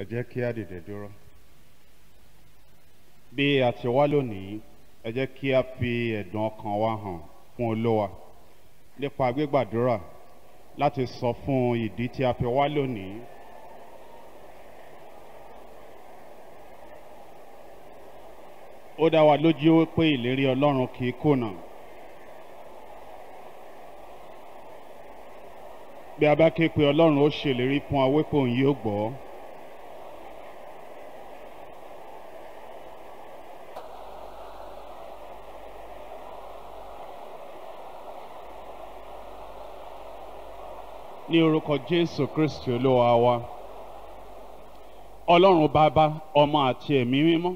ẹ jẹ́ kí a dìde dúró bí a ti wá lónìí ẹ jẹ́ kí a fi ẹ̀dùn ọkàn wa hàn fún Olúwa nípa gbígbàdúrà láti sọ fún ìdí tí a fi wá lónìí. ó dá wa lójú pé ìlérí Ọlọ́run kì í kùnà. bí a bá ké pe Ọlọ́run ó ṣèlérí fún wa wípé òun yóò gbọ́. ní orúkọ jésù kristi olúwa wa ọlọ́run bàbá ọmọ àti ẹ̀mí mímọ́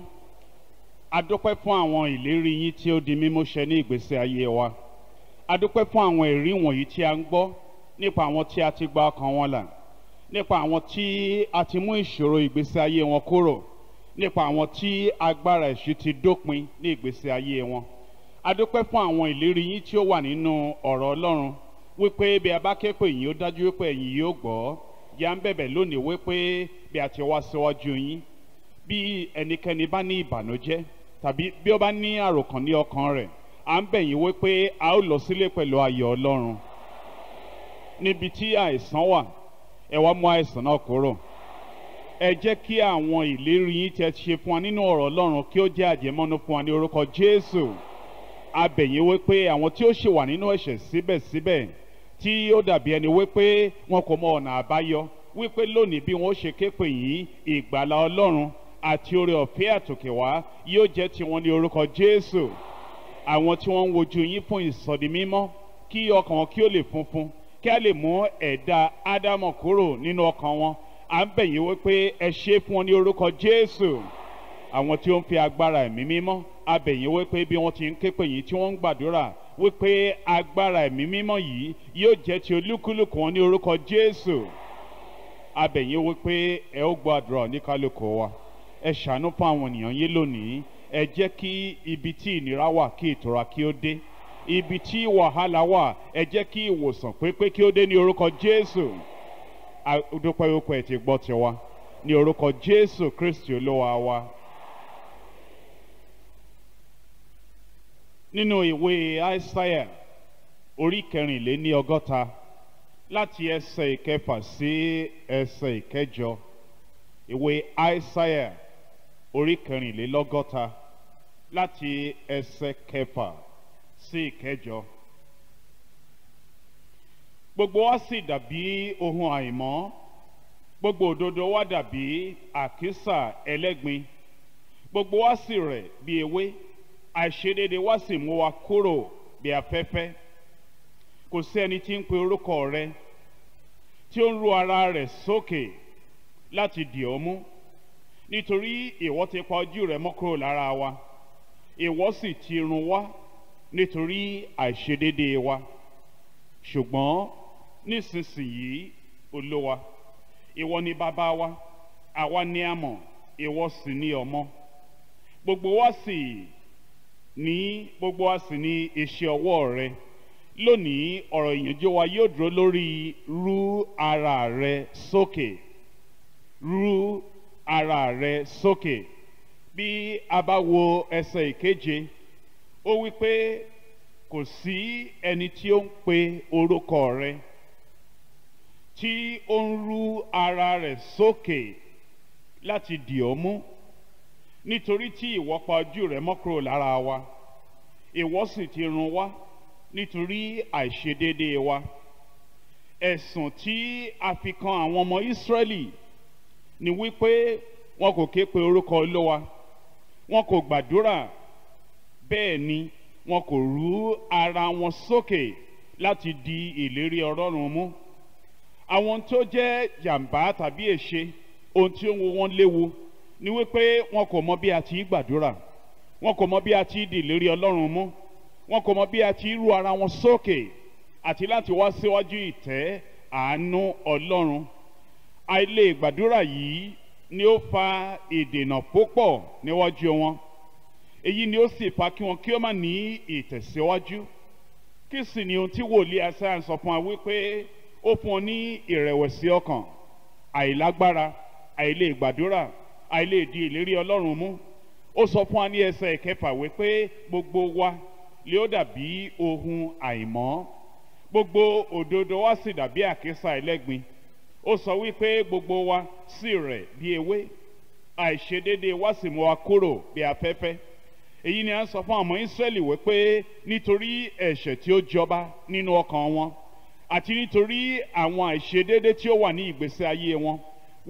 adúpẹ́ fún àwọn ìlérí yín tí ó di mímú ṣẹ ní ìgbésí ayé wa adúpẹ́ fún àwọn ẹ̀rí wọ̀nyí tí a ń gbọ́ nípa àwọn tí a ti gba ọkàn wọn là nípa àwọn tí a ti mú ìṣòro ìgbésí ayé wọn kúrò nípa àwọn tí agbára èṣù ti dópin ní ìgbésí ayé wọn adúpẹ́ fún àwọn ìlérí yín tí ó wà nínú ọ̀rọ̀ ọlọ́run wípé bí a bá ké pè yín ó dájú wípé ẹ̀yin yóò gbọ́ yà ń bẹ̀bẹ̀ lónìí wípé bí a ti wá síwájú yín bí ẹnikẹ́ni bá ní ìbànújẹ́ tàbí bí ó bá ní àròkàn ní ọkàn rẹ̀ à ń bẹ̀ yín wípé a ó lọ sílé pẹ̀lú ayọ̀ ọlọ́run níbi tí àìsàn wà ẹ wá mú àìsàn náà kúrò ẹ jẹ́ kí àwọn ìlérí yín tẹ́ ṣe fún wa nínú ọ̀rọ̀ ọlọ́run kí ó jẹ́ àjẹmọ́nú fún wa ní orúkọ jésù a wípé àwọn tí ó ṣì wà nínú ẹ̀ṣẹ̀ síbẹ̀síbẹ̀ tí ó dàbí ẹni wípé wọn kò mọ ọ̀nà àbáyọ wípé lónìí bí wọn ó ṣe képe yìí ìgbàlá ọlọ́run àti oore ọ̀fẹ́ àtòkèwá yóò jẹ́ tiwọn ní orúkọ jésù àwọn tí wọ́n ń wojú yín fún ìsọ̀dí mímọ́ kí ọkàn wọn kí ó lè funfun kí a lè mú ẹ̀dá ádámọ̀ kúrò nínú ọkàn wọn à ń bẹ̀ wípé ẹ ṣe fún wọn ní orúkọ jésù àwọn tí ó ń fi agbára ẹ̀mí mímọ́ a wípé bí wọ́n ti ń képe yìí tí wọ́n ń gbàdúrà wípé agbára ẹ̀mí mímọ́ yìí yóò jẹ́ ti olúkúlùkù wọn ní orúkọ Jésù abẹ̀yìn wípé ẹ ó gbọ́ àdúrà oníkálùkù wa ẹ ṣàánú fún àwọn ènìyàn yín lónìí ẹ jẹ́ kí ibi tí ìnira wà kí ìtura kí ó dé ibi tí wàhálà wà ẹ jẹ́ kí ìwòsàn pépé kí ó dé ní orúkọ Jésù adúpẹ́ yòókù ẹ̀ ti gbọ́ tiwa ní orúkọ Jésù Kristi olúwa wa nínú ìwé Aísáyà orí kẹrìnléní ọgọ́ta láti ẹsẹ̀ ìkẹfà sí ẹsẹ̀ ìkẹjọ ìwé Aísáyà orí kẹrìnlélọ́gọ́ta láti ẹsẹ̀ kẹfà sí ìkẹjọ. gbogbo wa sì dàbí ohun àìmọ́ gbogbo òdodo wa dàbí àkísà ẹlẹ́gbin gbogbo wa sì rẹ̀ bí ewé àìṣedéédé wá sì mú wa kúrò bí afẹ́fẹ́ kò sí ẹni tí ń pe orúkọ rẹ tí ó ń ru ara rẹ̀ sókè láti dì ọ́ mú nítorí ìwọ ti pa ojú rẹ mọ́ kúrò lára wa ìwọ sì ti run wá nítorí àìṣedéédé wa ṣùgbọ́n nísinsìnyí olówa ìwọ ni bàbá wa àwa ni a mọ̀ ìwọ sì ni ọmọ gbogbo wa sì. Si ní gbogbo wa sì ní iṣẹ́ ọwọ́ rẹ lónìí ọ̀rọ̀ ìyànjú wa yóò dúró lórí rú ara rẹ sókè rú ara rẹ sókè bí a bá wo ẹsẹ̀ ìkeje ó wí pé kò sí ẹni tí ó ń pe orúkọ rẹ tí ó ń rú ara rẹ sókè láti dì ọ́ mú nítorí tí ìwọ pa ojú rẹ mọ́ kúrò lára wa ìwọ sì ti run wá nítorí àìṣedéédéé wa ẹ̀sùn tí a fi kan àwọn ọmọ Ísírẹ́lì ni wípé wọn kò ké pe orúkọ Olúwa wọn kò gbàdúrà bẹ́ẹ̀ ni wọn kò rú ara wọn sókè láti di ìlérí Ọlọ́run mú àwọn tó jẹ́ jàǹbá tàbí èṣe ohun tí ó ń wo wọn léwu ni wípé wọn kò mọ bí a ti gbàdúrà wọn kò mọ bí a ti dìlérí ọlọ́run mú wọn kò mọ bí a ti ru ara wọn sókè àti láti wá síwájú ìtẹ́ àánú ọlọ́run àìlè gbàdúrà yìí ni ó fa ìdènà púpọ̀ níwájú wọn èyí ni ó sì fa kí wọn kí ó má ní ìtẹ̀síwájú kí sì ni ohun tí wòlíì Aísáyà sọ fún wa wípé ó fún ọ ní ìrẹ̀wẹ̀sì ọkàn àìlágbára àìlè gbàdúrà àìlè di ìlérí ọlọ́run mú ó sọ fún wa ní ẹsẹ̀ ìkẹfà wípé gbogbo wa lè ó dàbí ohun àìmọ́ gbogbo òdodo wa sì dàbí àkísà ẹlẹ́gbin ó sọ wípé gbogbo wa sì rẹ̀ bí ewé àìṣedéédé wa sì mú wa kúrò bí afẹ́fẹ́ èyí ni a ń sọ fún àwọn Ísírẹ́lì wípé nítorí ẹ̀ṣẹ̀ tí ó jọba nínú ọkàn wọn àti nítorí àwọn àìṣedéédé tí ó wà ní ìgbésí ayé wọn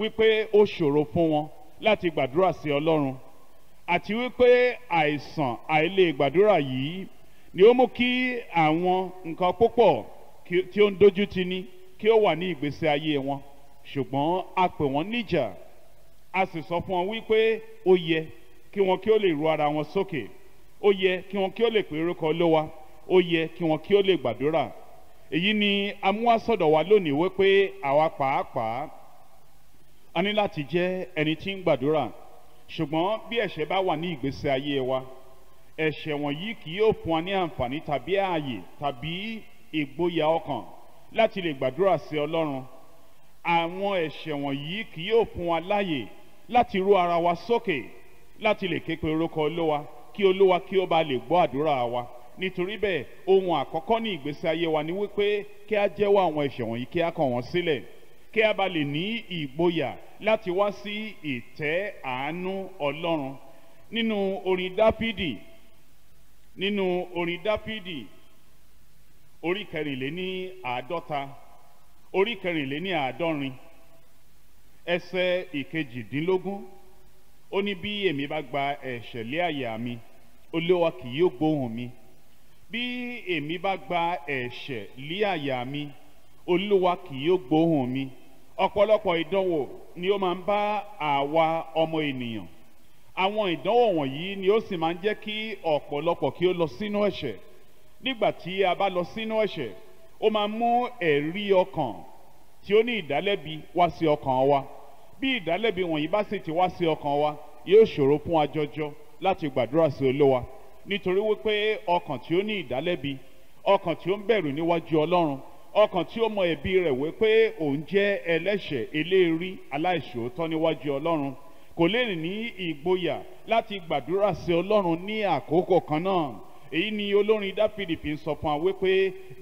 wípé ó ṣòro fún wọn láti gbàdúrà sí ọlọ́run àti wípé àìsàn àìlè gbàdúrà yìí ni ó mú kí àwọn nǹkan púpọ̀ tí ó ń dojú ti ní kí ó wà ní ìgbésí ayé wọn ṣùgbọ́n a pè wọ́n níjà a sì sọ fún wọn wípé ó yẹ kí wọn kí ó lè ru ara wọn sókè ó yẹ kí wọn kí ó lè pè orúkọ olówa ó yẹ kí wọn kí ó lè gbàdúrà èyí ni amúwásọ̀dọ̀ wa lónìí wípé àwa pàápàá a ní láti jẹ́ ẹni tí ń gbàdúrà ṣùgbọ́n bí ẹ̀ṣẹ̀ bá wà ní ìgbésí ayé wa ẹ̀ṣẹ̀ wọ̀nyí kì yóò fún wa ní àǹfààní tàbí ààyè tàbí ìgboyà ọkàn láti lè gbàdúrà sí Ọlọ́run àwọn ẹ̀ṣẹ̀ wọ̀nyí kì yóò fún wa láàyè láti rú ara wa sókè láti lè ké orúkọ Olúwa kí Olúwa kí ó bá lè gbọ́ àdúrà wa nítorí bẹ́ẹ̀ ohun àkọ́kọ́ ní ìgbésí ayé wa ni wípé kí a jẹ́wọ́ àwọn ẹ̀ṣẹ̀ wọ̀nyí kí a kọ̀ wọ́n sílẹ̀ kí a bá lè ní ìgboyà láti wá sí ìtẹ́ àánú ọlọ́run nínú orin dápídì nínú orin dápídì orí kẹrìnléní àádọ́ta orí kẹrìnléní àádọ́rin ẹsẹ̀ ìkejìdínlógún ó ní bí èmi bá gba ẹ̀ṣẹ̀ lé àyà mi olúwa kì yóò gbóhùn mi bí èmi bá gba ẹ̀ṣẹ̀ lé àyà mi olúwa kì yóò gbóhùn mi ọ̀pọ̀lọpọ̀ ìdánwò ni ó máa ń bá àwa ọmọ ènìyàn àwọn ìdánwò wọ̀nyí ni ó sì máa ń jẹ́ kí ọ̀pọ̀lọpọ̀ kí ó lọ sínú ẹ̀ṣẹ̀ nígbà tí a bá lọ sínú ẹ̀ṣẹ̀ ó máa mú ẹ̀rí ọkàn tí ó ní ìdálẹ́bi wá sí ọkàn wa bí ìdálẹ́bi wọ̀nyí bá sì ti wá sí ọkàn wa yóò ṣòro fún wa jọjọ láti gbàdúrà sí olówa nítorí wípé ọkàn tí ó ní ìdálẹ́bi ọkàn tí ó ń bẹ̀rù níwájú ọlọ́run ọkàn tí ó mọ ẹ̀bi rẹ̀ wé pé òun jẹ́ ẹlẹ́ṣẹ̀ eléèrí aláìṣòótọ́ níwájú ọlọ́run kò lè ní ìgboyà láti gbàdúrà sí ọlọ́run ní àkókò kan náà èyí ni olórin dáfídì fi ń sọ fún wa wípé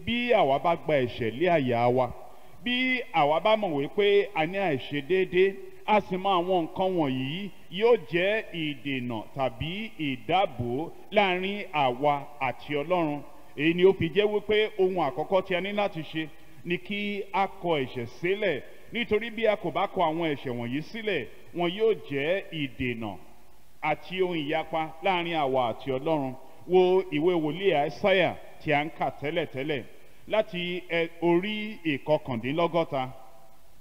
bí àwa bá gba ẹ̀ṣẹ̀ lé àyà wa bí àwa bá mọ̀ wípé a ní àìṣedéédé a sì mọ àwọn nǹkan wọ̀nyí yóò jẹ́ ìdènà tàbí ìdáàbò láàrin àwa àti ọlọ́run èyí ni ó fi jẹ́ wípé ohun àkọ́kọ́ tí a ní láti ṣe ni kí a kọ ẹ̀ṣẹ̀ sílẹ̀ nítorí bí a kò bá kọ àwọn ẹ̀ṣẹ̀ wọ̀nyí sílẹ̀ wọn yóò jẹ́ ìdènà àti ohun ìyapa láàrin àwa àti Ọlọ́run wo ìwé wòlíì àìsáyà tí a ń kà tẹ́lẹ̀tẹ́lẹ̀ láti orí ìkọkàndínlọ́gọ́ta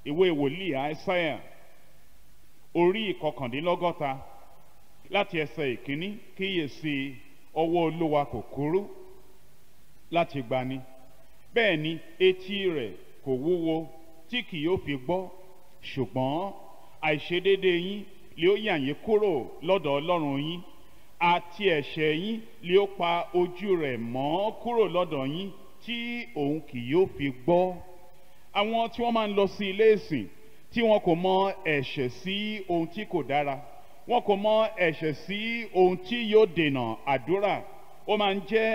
ìwé wòlíì àìsáyà orí ìkọkàndínlọ́gọ́ta láti ẹsẹ̀ ìkíní kíyèsí ọwọ́ Olúwa kò láti gbani bẹ́ẹ̀ ni etí rẹ̀ kò wúwo tí kì yóò fi gbọ́ ṣùgbọ́n àìṣedéédéé yín lé ó yàn yín kúrò lọ́dọ̀ ọlọ́run yín àti ẹ̀ṣẹ̀ yín lé ó pa ojú rẹ̀ mọ́ kúrò lọ́dọ̀ yín tí òun kì yóò fi gbọ́ àwọn tí wọ́n máa ń lọ sí ilé ìsìn tí wọn kò mọ ẹ̀ṣẹ̀ sí ohun tí kò dára wọn kò mọ ẹ̀ṣẹ̀ sí ohun tí yóò dènà àdúrà ó máa ń jẹ́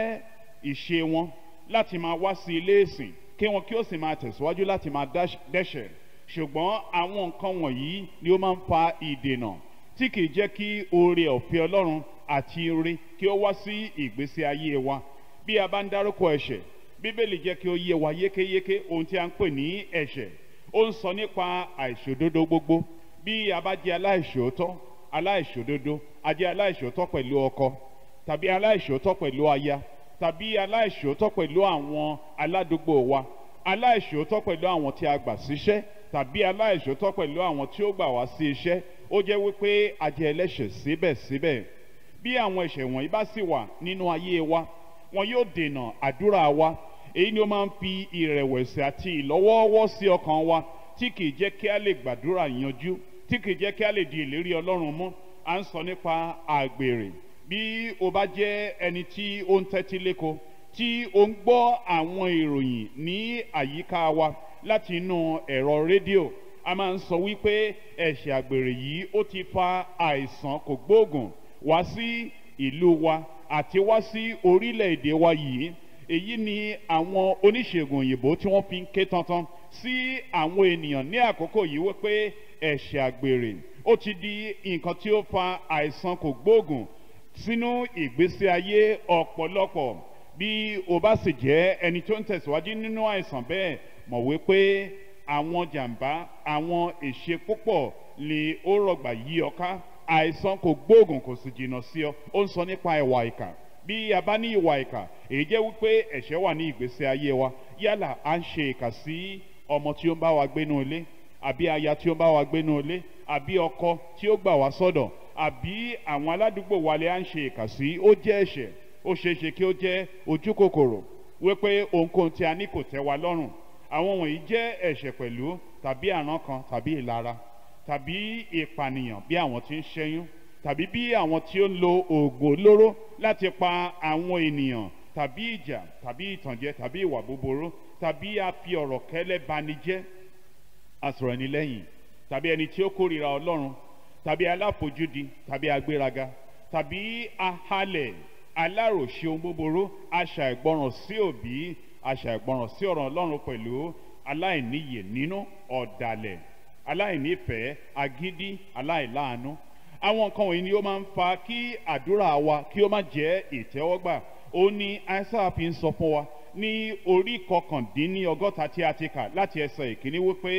ìṣe wọn láti máa wá sí ilé ìsìn kí wọn kí ó sì máa tẹ̀síwájú láti máa dẹ́ṣẹ̀ ṣùgbọ́n àwọn nǹkan wọ̀nyí ni ó máa ń fa ìdènà tí kì í jẹ́ kí oore ọ̀fẹ́ Ọlọ́run àti ire kí ó wá sí ìgbésí ayé wa bí a bá ń dárúkọ ẹ̀ṣẹ̀ bíbélì jẹ́ kí ó yé wa yékéyéké ohun tí a ń pè ní ẹ̀ṣẹ̀ ó ń sọ nípa àìṣòdodo gbogbo bí a bá jẹ́ aláìṣòótọ́ aláìṣòdodo a jẹ́ aláìṣòótọ́ pẹ̀lú ọkọ tàbí aláìṣòótọ́ pẹ̀lú aya tàbí aláìṣòótọ́ pẹ̀lú àwọn aládùúgbò wa aláìṣòótọ́ pẹ̀lú àwọn tí a gbà síṣẹ́ tàbí aláìṣòótọ́ pẹ̀lú àwọn tí ó gbà wá sí iṣẹ́ ó jẹ́ wípé a ẹlẹ́ṣẹ̀ síbẹ̀síbẹ̀ bí àwọn ẹ̀ṣẹ̀ wọ̀nyí bá sì wà nínú ayé wa wọn yóò dènà àdúrà wa èyí ni ó máa ń fi ìrẹ̀wẹ̀sì àti ìlọ́wọ́wọ́ sí ọkàn wa tí kìí jẹ́ kí a lè gbàdúrà yanjú tí kìí jẹ́ kí a lè di ìlérí Ọlọ́run mú à ń sọ nípa àgbèrè bí o bá jẹ́ ẹni tí ó ń tẹ́tí léko tí o ń gbọ́ àwọn ìròyìn ní àyíká wa láti inú ẹ̀rọ rédíò a máa ń sọ wípé ẹ̀ṣẹ̀ àgbèrè yìí ó ti fa àìsàn kògbóògùn wá sí ìlú wa àti wá sí orílẹ̀-èdè wa yìí èyí ni àwọn oníṣègùn òyìnbó tí wọ́n fi ń ké tantan sí àwọn ènìyàn ní àkókò yìí wípé ẹ̀ṣẹ̀ àgbèrè ó ti di nǹkan tí ó fa àìsàn kògbóògùn sínú ìgbésí ayé ọ̀pọ̀lọpọ̀ bí o bá sì jẹ́ ẹni tó ń tẹ̀síwájú nínú àìsàn bẹ́ẹ̀ mọ̀ wípé àwọn jàǹbá àwọn èṣe púpọ̀ ni ó rọ̀gbà yí ọ ká àìsàn kò gbóògùn kò sì jìnnà sí ọ ó ń sọ nípa ìwà ìkà bí a bá ní ìwà ìkà èyí jẹ́ wípé ẹ̀ṣẹ̀ wà ní ìgbésí ayé wa yálà à ń ṣe ìkà sí ọmọ tí ó ń bá wa gbénú ilé àbí aya tí ó ń bá wa gbénú ilé àbí ọkọ tí ó gbà wá sọ́dọ̀ àbí àwọn aládùúgbò wa lè à ń ṣe ìkà sí ó jẹ́ ẹ̀ṣẹ̀ ó ṣeé ṣe kí ó jẹ́ ojú kòkòrò wípé ohunkóhun tí a ní kò tẹ́ wa lọ́rùn àwọn wọ̀nyí jẹ́ ẹ̀ṣẹ̀ pẹ̀lú tàbí àrán kan tàbí ìlara tàbí ìpànìyàn bí àwọn tí ń ṣẹ́yún tàbí bí àwọn tí ó ń lo oògùn olóró láti pa àwọn ènìyàn tàbí ìjà tàbí ìtànjẹ tàbí ìwà búburú tàbí a fi ọ̀rọ̀ kẹ́lẹ́ bani jẹ́ asọ̀rọ̀ ẹni lẹ́yìn tàbí ẹni tí ó kórìíra ọlọ́run tàbí aláfojúdi tàbí agbéraga tàbí ahalẹ̀ aláròṣe ohun búburú aṣàìgbọràn sí òbí aṣàìgbọràn sí ọ̀rọ̀ ọlọ́run pẹ̀lú aláìníyè nínú ọ̀dàlẹ̀ aláìnífẹ̀ẹ́ agídí aláìláàánú àwọn nǹkan wọ̀nyí ni ó máa ń fa kí àdúrà wa kí ó má jẹ́ ìtẹ́wọ́gbà ó ní isaiah fi ń sọ fún wa ní orí kọkàndínní ọgọ́ta tí a ti kà láti ẹsẹ̀ ìkíní wípé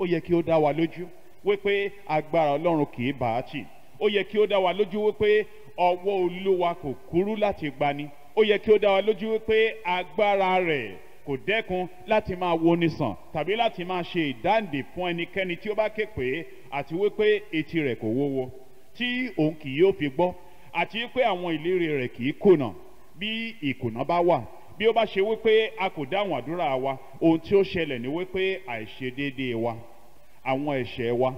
ó yẹ kí ó dá wa lójú wípé agbára ọlọ́run kì í bá a tì ó yẹ kí ó dá wa lójú wípé ọwọ́ olúwa kò kúrú láti gbani ó yẹ kí ó dá wa lójú wípé agbára rẹ̀ kò dẹ́kun láti máa wo ni sàn tàbí láti máa ṣe ìdáǹdè fún ẹnikẹ́ni tí ó bá ké pé àti wípé etí rẹ̀ kò wówo tí òun kì yóò fi gbọ́ àti wípé àwọn ìlérí rẹ̀ kì í kùnà bí ìkùnà bá wà bí ó bá ṣe wípé a kò dáhùn àdúrà wa ohun tí ó ṣẹlẹ̀ ni wípé àìṣedéédéé wa àwọn ẹ̀ṣẹ̀ wa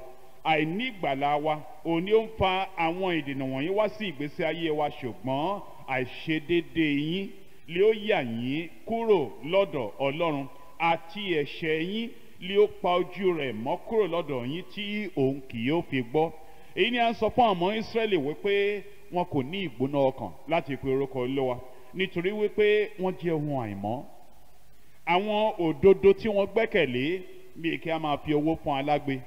àìní ìgbàlà wa òun ni ó ń fa àwọn ìdènà wọ̀nyí wá sí ìgbésí ayé wa ṣùgbọ́n àìṣedéédéé yín lé ó yà yín kúrò lọ́dọ̀ Ọlọ́run àti ẹ̀ṣẹ̀ yín lé ó pa ojú rẹ̀ mọ́ kúrò lọ́dọ̀ yín tí òun kì yóò fi gbọ́ èyí ni a ń sọ fún ọmọ Ísírẹ́lì wípé wọn kò ní ìgbóná ọkàn láti pe orúkọ Olúwa nítorí wípé wọ́n jẹ́ ohun àìmọ́ àwọn òdodo tí wọ́n gbẹ́kẹ̀lé bíi kí a máa fi owó fún alágbe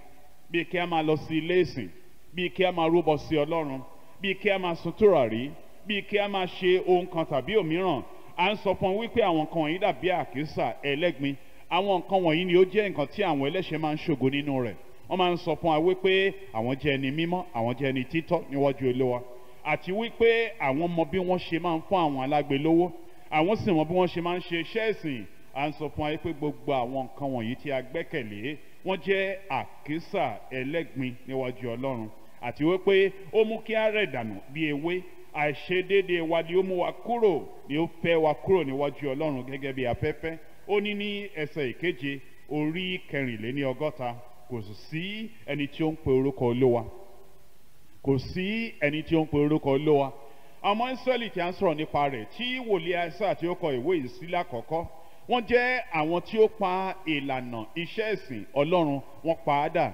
bíi kí a máa lọ sí ilé ìsìn bíi kí a máa rúbọ sí ọlọ́run bíi kí a máa sun tùràrí bíi kí a máa ṣe ohun kan tàbí òmíràn à ń sọ fún wípé àwọn nǹkan wọ̀nyí dàbí àkísà ẹlẹ́gbin àwọn nǹkan wọ̀nyí ni ó jẹ́ nǹkan tí àwọn ẹlẹ́ṣẹ̀ máa ń ṣògo nínú rẹ̀ wọ́n máa ń sọ fún wa wípé àwọn jẹ́ ẹni mímọ́ àwọn jẹ́ ẹni títọ́ níwájú Olúwa àti wípé àwọn mọ bí wọ́n ṣe máa ń fún àwọn alágbe àwọn sì mọ bí wọ́n ṣe máa ń ṣe iṣẹ́ ìsìn à ń sọ fún ayé pé gbogbo àwọn nǹkan wọ̀nyí tí a gbẹ́kẹ̀lé wọ́n jẹ́ àkísà ẹlẹ́gbin níwájú ọlọ́run àti wípé ó mú kí a rẹ̀ dànù bí ewé àìṣedéédé wa ni ó mú wa kúrò ni ó fẹ́ wa kúrò níwájú ọlọ́run gẹ́gẹ́ bí afẹ́fẹ́ ó ní ní ẹsẹ̀ ìkeje orí kẹrìnléní ọgọ́ta kò sí ẹni tí ó ń pe orúkọ olówa kò sí ẹni tí ó ń pe orúkọ olówa ọmọ ìsírẹ́lì tí a ń sọ̀rọ̀ nípa rẹ̀ tí wòlíì àìsà tí ó ìwé ìsílẹ̀ àkọ́kọ́ wọ́n jẹ́ àwọn tí ó pa ìlànà iṣẹ́ ìsìn ọlọ́run wọ́n pa á dà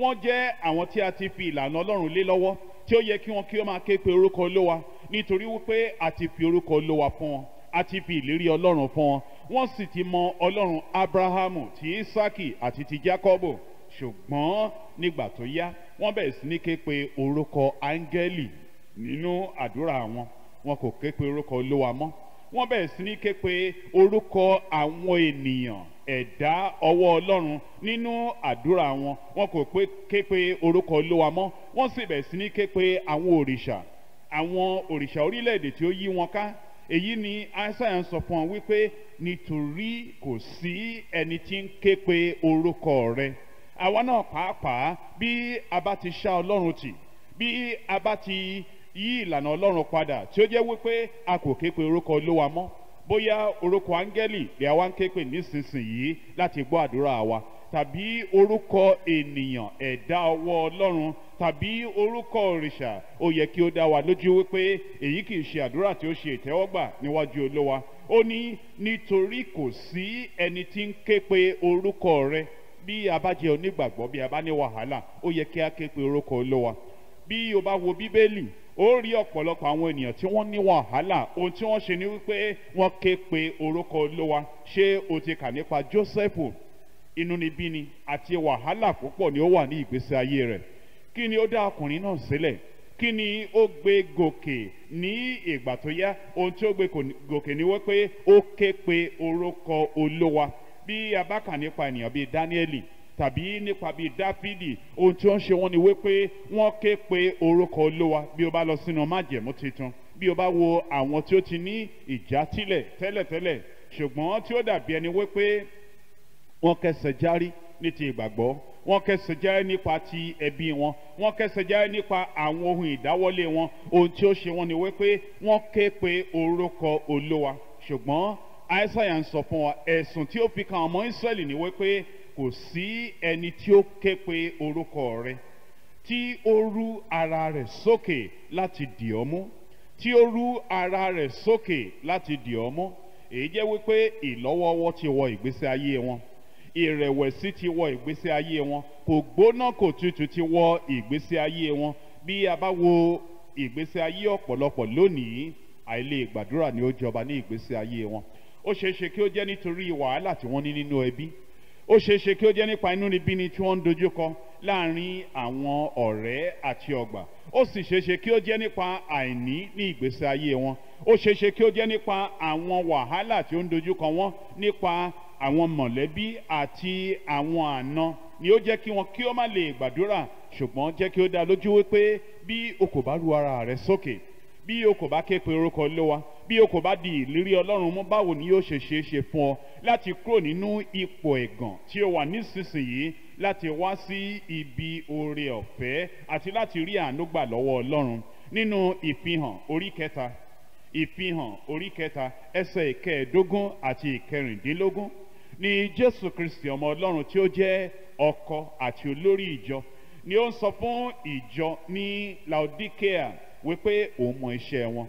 wọ́n jẹ́ àwọn tí a ti fi ìlànà ọlọ́run lé lọ́wọ́ tí ó yẹ kí wọ́n kí ó máa ké pe orúkọ olówa nítorí wípé a ti fi orúkọ olówa fún wọn a ti fi ìlérí ọlọ́run fún wọn wọ́n sì ti mọ ọlọ́run abrahamu ti isaki àti ti jacobo ṣùgbọ́n nígbà tó yá wọ́n bẹ̀rẹ̀ sí ní ké pe orúkọ áńgẹ́lì nínú àdúrà wọn wọn kò ké pe orúkọ olówa mọ́ wọ́n bẹ̀rẹ̀ sí ní ké pe orúkọ àwọn ènìyàn ẹ̀dá ọwọ́ ọlọ́run nínú àdúrà wọn wọn kò pé ké pe orúkọ olówa mọ́ wọ́n sì bẹ̀rẹ̀ sí ní ké pe àwọn òrìṣà àwọn òrìṣà orílẹ̀-èdè tí ó yí wọn ká èyí ni isaiah sọ fún wọn wípé nítorí kò sí ẹni tí ń ké pe orúkọ rẹ àwa náà pàápàá bí a bá ti ṣá ọlọ́run tì bí a bá ti yí ìlànà ọlọ́run padà tí ó jẹ́ wípé a kò ké pe orúkọ olówa mọ́ bóyá orúkọ áńgẹ́lì ni àwa ń ké pe nísinsìnyí láti gbọ́ àdúrà wa tàbí orúkọ ènìyàn ẹ̀dá ọwọ́ ọlọ́run tàbí orúkọ òrìṣà ó yẹ kí ó dá wa lójú wípé èyí kì í ṣe àdúrà tí ó ṣe ìtẹ́wọ́gbà níwájú olówa ó ní nítorí kò sí ẹni tí ń ké pe orúkọ rẹ bí a bá jẹ́ onígbàgbọ́ bí a bá ní wàhálà ó yẹ kí a ké pe orúkọ olówa bí o bá wo bíbélì ó rí ọ̀pọ̀lọpọ̀ àwọn ènìyàn tí wọ́n ní wàhálà ohun tí wọ́n ṣe ni wípé wọ́n ké pe orúkọ olówa ṣé o ti kà nípa Joseph inúnibíni àti wàhálà púpọ̀ ni ó wà ní ìgbésí ayé rẹ̀ kí ni ó dá ọkùnrin náà sílẹ̀ kí ni ó gbé gòkè ní ìgbà tó yá ohun tí ó gbé gòkè ni wọ́n pé ó ké pe orúkọ olówa bí a nípa ènìyàn bíi Dáníẹ́lì tàbí nípa bíi dáfídì ohun tí ó ń ṣe wọn ni wípé wọ́n ké pe orúkọ olówa bí o bá lọ sínú májẹ̀mú titun bí o bá wo àwọn tí ó ti ní ìjásílẹ̀ tẹ́lẹ̀tẹ́lẹ̀ ṣùgbọ́n tí ó dàbí ẹni wípé wọ́n kẹsẹ̀ járí ní ti ìgbàgbọ́ wọ́n kẹsẹ̀ járí nípa ti ẹbí wọn wọ́n kẹsẹ̀ járí nípa àwọn ohun ìdáwọ́lé wọn ohun tí ó ṣe wọn ni wípé wọ́n ké pe orúkọ olówa ṣùgbọ́n aísáyà ń sọ fún wa ẹ̀sùn tí ó fi kan ọmọ ìsírẹ́lì ni wípé kò sí ẹni tí ó ké pe orúkọ rẹ tí ó rú ara rẹ̀ sókè láti dì ọ́ mú tí ó rú ara rẹ̀ sókè láti dì ọ́ mú èyí jẹ́ wípé ìlọ́wọ́wọ́ ti wọ ìgbésí ayé wọn ìrẹ̀wẹ̀sì ti wọ ìgbésí ayé wọn kò gbóná kò tutù ti wọ ìgbésí ayé wọn bí a bá wo ìgbésí ayé ọ̀pọ̀lọpọ̀ lónìí àìlè gbàdúrà ni ó jọba ní ìgbésí ayé wọn ó ṣeé kí ó jẹ́ nítorí wàhálà tí wọ́n ní nínú ẹbí ó ṣeé ṣe kí ó jẹ́ nípa inúnibíni tí wọ́n ń dojúkọ láàrin àwọn ọ̀rẹ́ àti ọgbà ó sì ṣeé ṣe kí ó jẹ́ nípa àìní ní ìgbésí ayé wọn ó ṣeé ṣe kí ó jẹ́ nípa àwọn wàhálà tí ó ń dojúkọ wọn nípa àwọn mọ̀lẹ́bí àti àwọn àna ni ó jẹ́ kí wọn kí ó má lè gbàdúrà ṣùgbọ́n jẹ́ kí ó dá lójú wípé bí o kò bá ru ara rẹ sókè bí o kò bá ké pe orúkọ olówa bí o kò bá di ìlérí ọlọ́run mú báwo ni yóò ṣe ṣeé ṣe fún ọ láti kúrò nínú ipò ẹ̀gàn tí o wà nísinsìnyí láti wá sí ibi oore ọ̀fẹ́ àti láti rí àánú gbà lọ́wọ́ ọlọ́run nínú ìfihàn orí kẹta ìfihàn orí kẹta ẹsẹ̀ ìkẹẹ̀ẹ́dógún àti ìkẹrìndínlógún ni jésù kristi ọmọ ọlọ́run tí ó jẹ́ ọkọ àti olórí ìjọ ni ó ń sọ fún ìjọ ní laodikea wípé òun mọ iṣẹ́ wọn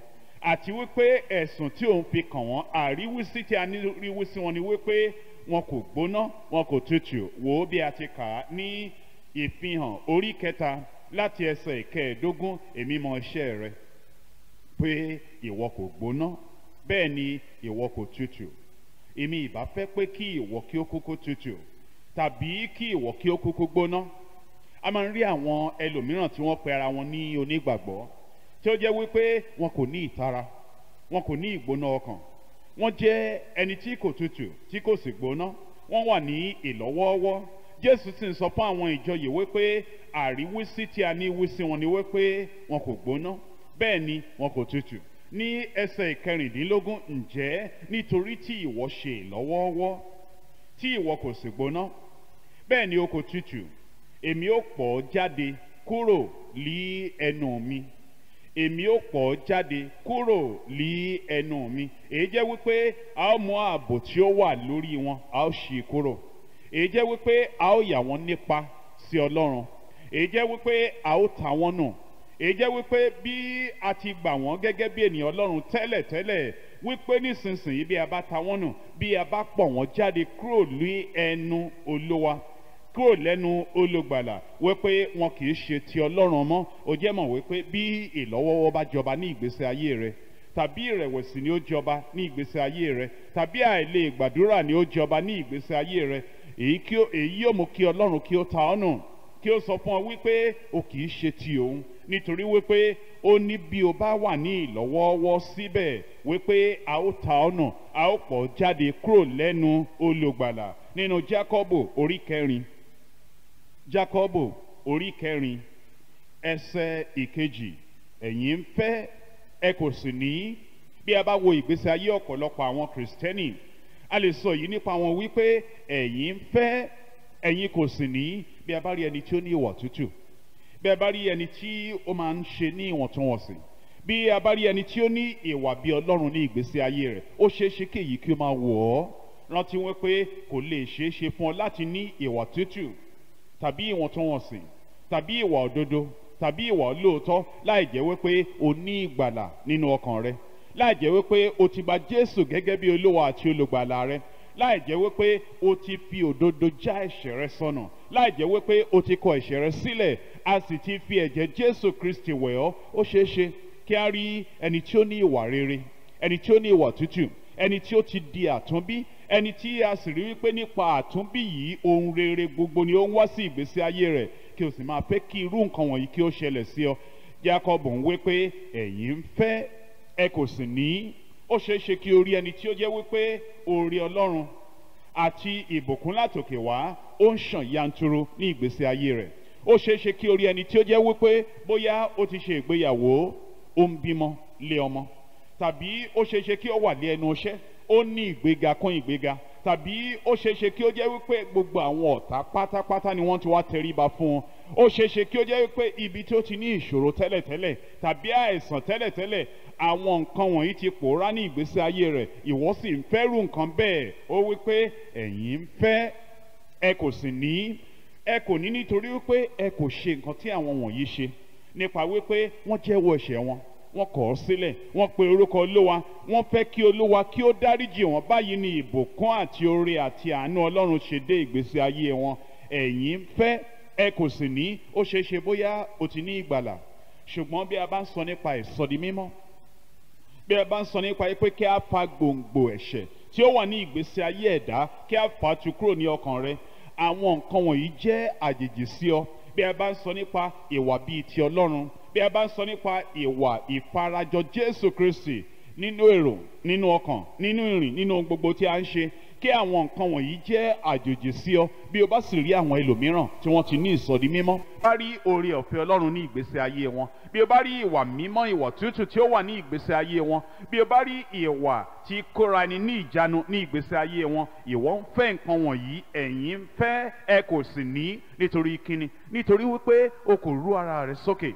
àti wípé ẹ̀sùn tí òun fi kàn wọ́n àríwísí tí a níríwísí wọn ni wípé wọn kò gbóná wọn kò tutù wò ó bí a ti kà á ní ìfihàn orí kẹta láti ẹsẹ̀ ìkẹẹ̀ẹ́dógún èmi mọ iṣẹ́ rẹ pé ìwọ kò gbóná bẹ́ẹ̀ ni ìwọ kò tutù èmi ìbá fẹ́ pé kí ìwọ kí ó kúkú tutù tàbí kí ìwọ kí ó kúkú gbóná a máa ń rí àwọn ẹlòmíràn tí wọ́n pe ara wọn ní onígbàgbọ́ tí ó jẹ́ wípé wọn kò ní ìtara wọn kò ní ìgbóná ọkàn wọn jẹ́ ẹni tí kò tutù tí kò sì gbóná wọn wà ní ìlọ́wọ́ọ́wọ́ jésù sì ń sọ fún àwọn ìjọyè wípé àríwísí tí a ní wísí wọn ni wípé wọn kò gbóná bẹ́ẹ̀ ni wọn kò tutù ní ẹsẹ̀ ìkẹrìndínlógún ǹjẹ́ nítorí tí ìwọ ṣe ìlọ́wọ́ọ́wọ́ tí ìwọ kò sì gbóná bẹ́ẹ̀ ni o kò tutù èmi ó pọ̀ jáde kúrò lí ẹnu mi èmi ó pọ̀ jáde kúrò lí ẹnu mi èyí jẹ́ wípé a ó mú ààbò tí ó wà lórí wọn a ó ṣì kúrò èyí jẹ́ wípé a ó yà wọ́n nípa sí ọlọ́run èyí jẹ́ wípé a ó ta wọ́n nù èyí jẹ́ wípé bí a ti gbà wọ́n gẹ́gẹ́ bí ènìyàn ọlọ́run tẹ́lẹ̀ tẹ́lẹ̀ wípé nísinsìnyí bí a bá ta wọ́n nù bí a bá pọ̀ wọ́n jáde kúrò lí ẹnu olúwa kúrò lẹ́nu olùgbàlà wípé wọn kì í ṣe ti ọlọ́run mọ́ ó jẹ́ mọ̀ wípé bí ìlọ́wọ́wọ́ bá jọba ní ìgbésí ayé rẹ tàbí ìrẹ̀wẹ̀sì ni ó jọba ní ìgbésí ayé rẹ tàbí àìlè gbàdúrà ni ó jọba ní ìgbésí ayé rẹ èyí yóò mú kí ọlọ́run kí ó ta ọ́ nù kí ó sọ fún ọ wípé o kì í ṣe ti òun nítorí wípé ó ní bí o bá wà ní ìlọ́wọ́wọ́ síbẹ̀ wípé a ó ta ọ́ a ó pọ̀ jáde kúrò lẹ́nu olùgbàlà nínú Jákọ́bù orí kẹrin jákọ́bù orí kẹrin ẹsẹ̀ ìkejì ẹ̀yin ń fẹ́ ẹ kò sì ní bí a bá wo ìgbésí ayé ọ̀pọ̀lọpọ̀ àwọn kìrìsìtẹ́nì a lè sọ yìí nípa wọn wípé ẹ̀yin ń fẹ́ ẹ̀yin kò sì ní bí a bá rí ẹni tí ó ní ìwà tútù bí a bá rí ẹni tí ó máa ń ṣe ní ìwọ̀ntúnwọ̀nsì bí a bá rí ẹni tí ó ní ìwà bí ọlọ́run ní ìgbésí ayé rẹ̀ ó ṣeé ṣe kéyìí kí ó máa wọ̀ ọ́ rántí wọn pé kò lè ṣeé ṣe fún ọ láti ní ìwà tútù tàbí ìwọ̀ntúnwọ̀nsì tàbí ìwà òdodo tàbí ìwà olóòótọ́ láì jẹ́ wípé o ní ìgbàlà nínú ọkàn rẹ láì jẹ́ wípé o ti gba Jésù gẹ́gẹ́ bí olúwa àti olùgbàlà rẹ láì jẹ́ wípé o ti fi òdodo já ẹ̀ṣẹ̀ rẹ sọnà láì jẹ́ wípé o ti kọ ẹ̀ṣẹ̀ rẹ sílẹ̀ a sì ti fi ẹ̀jẹ̀ Jésù Kristi wẹ̀ ọ́ ó ṣeé ṣe kí a rí ẹni tí ó ní ìwà rere ẹni tí ó ní ìwà tútù ẹni tí ó ti di àtúnbí ẹni tí a sì rí wípé nípa àtúnbí yìí ohun rere gbogbo ni ó ń wá sí ìgbésí ayé rẹ̀ kí o sì máa fẹ́ kí irú nǹkan wọ̀nyí kí ó ṣẹlẹ̀ sí ọ Jacob ń wí pé ẹ̀yin ń fẹ́ ẹ kò sì ní ó ṣeé ṣe kí o rí ẹni tí ó jẹ́ wípé oore Ọlọ́run àti ìbùkún látòkè wá ó ń ṣàn yanturu ní ìgbésí ayé rẹ̀ ó ṣeé ṣe kí o rí ẹni tí ó jẹ́ wípé bóyá ó ti ṣe ìgbéyàwó ó ń bímọ lé ọmọ tàbí ó ṣeé ṣe kí ó wà lé ẹnu iṣẹ́ ó ní ìgbéga kún ìgbéga tàbí ó ṣeéṣe kí ó jẹ́ wípé gbogbo àwọn ọ̀tá pátápátá ni wọ́n ti wá tẹríba fún un ó ṣeéṣe kí ó jẹ́ wípé ibi tí ó ti ní ìṣòro tẹ́lẹ̀tẹ́lẹ̀ tàbí àìsàn tẹ́lẹ̀tẹ́lẹ̀ àwọn nǹkan wọ̀nyí ti pòórá ní ìgbésí ayé rẹ̀ ìwọ sì ń fẹ́rù nǹkan bẹ́ẹ̀ ó wípé ẹ̀yin ń fẹ́ ẹ kò sì ní ẹ kò ní nítorí wípé ẹ kò ṣe nǹkan tí àwọn wọ̀nyí ṣe nípa wípé wọ́n jẹ́wọ́ ẹ̀ṣẹ̀ wọn wọ́n kọ̀ ọ́ sílẹ̀ wọ́n pe orúkọ olówa wọ́n fẹ́ kí olówa kí ó dáríjì wọn báyìí ni ìbùkún àti oore àti àánú ọlọ́run ṣe dé ìgbésí ayé wọn ẹ̀yin fẹ́ ẹ kò sì ní ó ṣeé ṣe bóyá o ti ní ìgbàlà ṣùgbọ́n bí a bá ń sọ nípa ìsọdi mímọ́ bí a bá ń sọ nípa pé kí a fa gbòǹgbò ẹ̀ṣẹ̀ tí ó wà ní ìgbésí ayé ẹ̀dá kí a fà á tu kúrò ní ọkàn rẹ àwọn nǹkan wọ̀nyí jẹ́ àjèjì sí ọ bí a bá ń sọ nípa ìwà bíi ti ọlọ́run bí a bá ń sọ nípa ìwà ìfarajọ Jésù Kristi nínú èrò nínú ọkàn nínú ìrìn nínú ohun gbogbo tí a ń ṣe kí àwọn nǹkan wọ̀nyí jẹ́ àjòjì sí ọ bí o bá sì rí àwọn ẹlòmíràn tí wọ́n ti ní ìsọ̀dí mímọ́. bá rí oore ọ̀fẹ́ Ọlọ́run ní ìgbésí ayé wọn bí o bá rí ìwà mímọ́ ìwà tútù tí ó wà ní ìgbésí ayé wọn bí o bá rí ìwà tí kóra ẹni ní ìjánu ní ìgbésí ayé wọn ìwọ ń fẹ́ nǹkan wọ̀nyí ẹ̀yin ń fẹ́ ẹ kò sì ní nítorí kíni nítorí wípé o kò rú ara rẹ sókè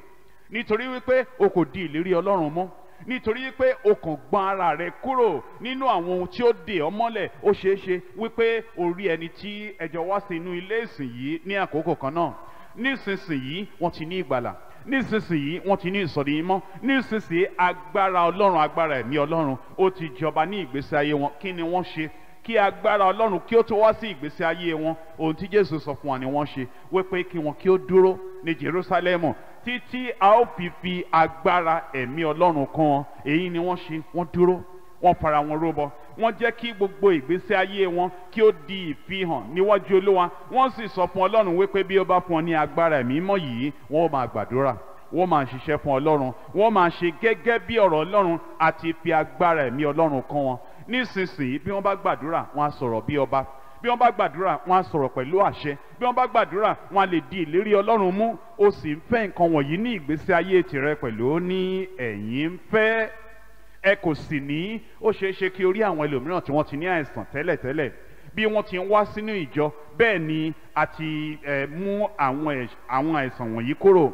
nítorí wípé o kò di ìlérí ọlọ́run mú nítorí wípé o kàn gbọ́n ara rẹ kúrò nínú àwọn ohun tí ó dè ọ́ mọ́lẹ̀ ó ṣeé ṣe wípé o rí ẹni tí ẹjọ́ wá sí inú ilé ìsìn yìí ní àkókò kan náà nísinsìnyí wọ́n ti ní ìgbàlà nísinsìnyí wọ́n ti ní ìsọdìmọ́ nísinsìnyí agbára ọlọ́run agbára ẹ̀mí ọlọ́run ó ti jọba ní ìgbésí ayé wọn kí ni wọ́n ṣe kí agbára ọlọ́run kí ó tó wá sí ìgbésí ayé wọn ohun tí jésù sọ fún wa ni wọ́n ṣe wípé kí wọn kí ó dúró ní jerusalem títí a ó fi fi agbára ẹ̀mí ọlọ́run kún wọn èyí ni wọ́n ṣe wọ́n dúró wọ́n fara wọn rúbọ wọ́n jẹ́ kí gbogbo ìgbésí ayé wọn kí ó di ìfihàn níwájú olúwa wọ́n sì sọ fún ọlọ́run wípé bí ó bá fún ọ ní agbára ẹ̀mí mọ́ yìí wọ́n ó máa gbàdúrà wọ́n máa ṣiṣẹ́ fún ọlọ́run wọ́n máa ṣe gẹ́gẹ́ bí ọ̀rọ̀ ọlọ́run àti fi agbára ẹ̀mí ọlọ́run kún wọn nísinsìnyí bí wọ́n bá gbàdúrà wọ́n á sọ̀rọ̀ bí ọba bí wọ́n bá gbàdúrà wọ́n á sọ̀rọ̀ pẹ̀lú àṣẹ bí wọ́n bá gbàdúrà wọ́n á lè di ìlérí ọlọ́run mú o sì ń fẹ́ nǹkan wọ̀nyí ní ìgbésí ayé tìrẹ pẹ̀lú ó ní ẹ̀yin ń fẹ́ ẹ kò sì ní ó ṣeé ṣe kí orí àwọn ẹlòmíràn tí wọ́n ti ní àìsàn tẹ́lẹ̀tẹ́lẹ̀ bí wọ́n ti ń wá sínú ìjọ bẹ́ẹ̀ ni a ti mú àwọn àìsàn wọ̀nyí kúrò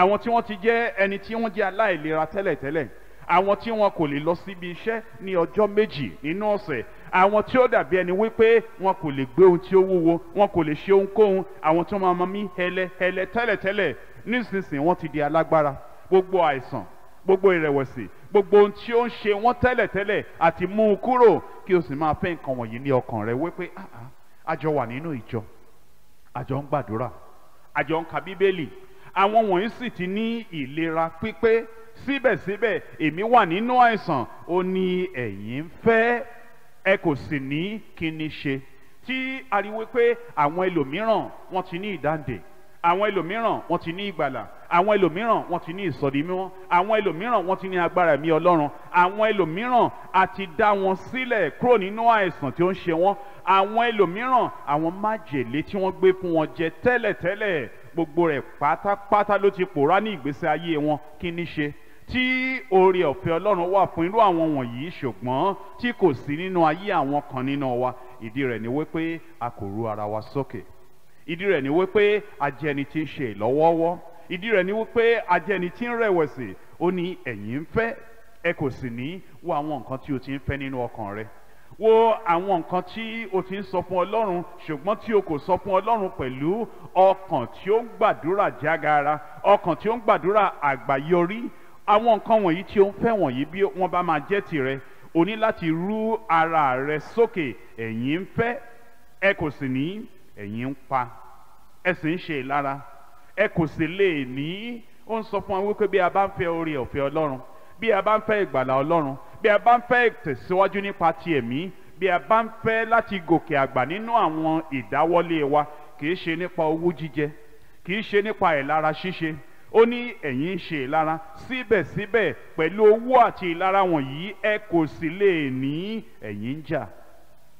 àwọn tí wọ́n ti jẹ́ ẹni tí wọ́n jẹ́ aláìlera tẹ́lẹ̀tẹ́lẹ̀ àwọn tí wọn kò lè lọ síbi iṣẹ́ ní ọjọ́ méjì nínú ọ̀sẹ̀ àwọn tí ó dàbí ẹni wípé wọn kò lè gbé ohun tí ó wúwo wọn kò lè ṣe ohunkóhun àwọn tí wọn máa mí hẹlẹhẹlẹ tẹ́lẹ̀tẹ́lẹ̀ nísinsìnyí wọ́n ti di alágbára gbogbo àìsàn gbogbo ìrẹ̀wẹ̀sì gbogbo ohun tí ó ń ṣe wọ́n tẹ́lẹ̀tẹ́lẹ̀ àti mú un kúrò kí o sì máa fẹ́ nǹkan wọ̀nyí ní ọkàn rẹ wípé àjọ ah, ah, wà nínú ìjọ àjọ ń gbàdúrà àjọ ń ka bíbélì àwọn wọ̀nyí sì ti ní ìlera pípé síbẹ̀síbẹ̀ èmi wà nínú àìsàn ó ní ẹ̀yin ń fẹ́ ẹ kò sì ní kí ṣe tí ariwo pé àwọn ẹlòmíràn wọ́n ti ní ìdáǹdè àwọn ẹlòmíràn wọ́n ti ní ìgbàlà àwọn ẹlòmíràn wọ́n ti ní ìsọdimímọ́ àwọn ẹlòmíràn wọ́n ti ní agbára ẹ̀mí Ọlọ́run àwọn ẹlòmíràn a ti dá wọn sílẹ̀ kúrò nínú àìsàn tí ó ń ṣe wọn àwọn ẹlòmíràn àwọn májèlé tí wọ́n gbé fún wọn jẹ tẹ́lẹ̀tẹ́lẹ̀ gbogbo rẹ̀ pátápátá ló ti pòórá ní ìgbésí ayé wọn kí ní ṣe tí oore ọ̀fẹ́ ọlọ́run wà fún irú àwọn wọ̀nyí ṣùgbọ́n tí kò sí nínú ayé àwọn kan nínú wa ìdí rẹ̀ ni wípé a kò ru ara wa sókè ìdí rẹ̀ ni wípé a jẹ́ ń ṣe ìlọ́wọ́wọ́ ìdí rẹ̀ ni wípé a jẹ́ ń rẹ̀wẹ̀sì ó ní ẹ̀yin ń fẹ́ ẹ kò sì ní wo àwọn nǹkan tí o ti ń fẹ́ nínú ọkàn rẹ̀ wo àwọn nǹkan tí o ti ń sọ fún ọlọ́run ṣùgbọ́n tí o kò sọ fún ọlọ́run pẹ̀lú ọkàn tí ó ń gbàdúrà jágara ọkàn tí ó ń gbàdúrà àgbáyọrí àwọn nǹkan wọ̀nyí tí o ń fẹ́ wọ̀nyí bí wọ́n bá máa jẹ́ tirẹ̀ o ní láti rú ara rẹ sókè ẹ̀yin ń fẹ́ ẹ kò sì ní ẹ̀yin ń pa ẹ sì ń ṣe ìlara ẹ kò sì lè ní ó ń sọ fún wa wípé bí a bá ń fẹ́ oore ọ̀fẹ́ ọlọ́run bí a bá ń fẹ́ ìgbàlà ọlọ́run bí ẹ bá ń fẹ́ tẹ̀síwájú nípa ti ẹ̀mí bí ẹ bá ń fẹ́ láti gòkè àgbà nínú àwọn ìdáwọ́lé wa kì í ṣe nípa owó jíjẹ kì í ṣe nípa ìlara ṣíṣe ó ní ẹ̀yin ń ṣe ìlara síbẹ̀síbẹ̀ pẹ̀lú owó àti ìlara wọ̀nyí ẹ kò sì lè ní ẹ̀yin ń jà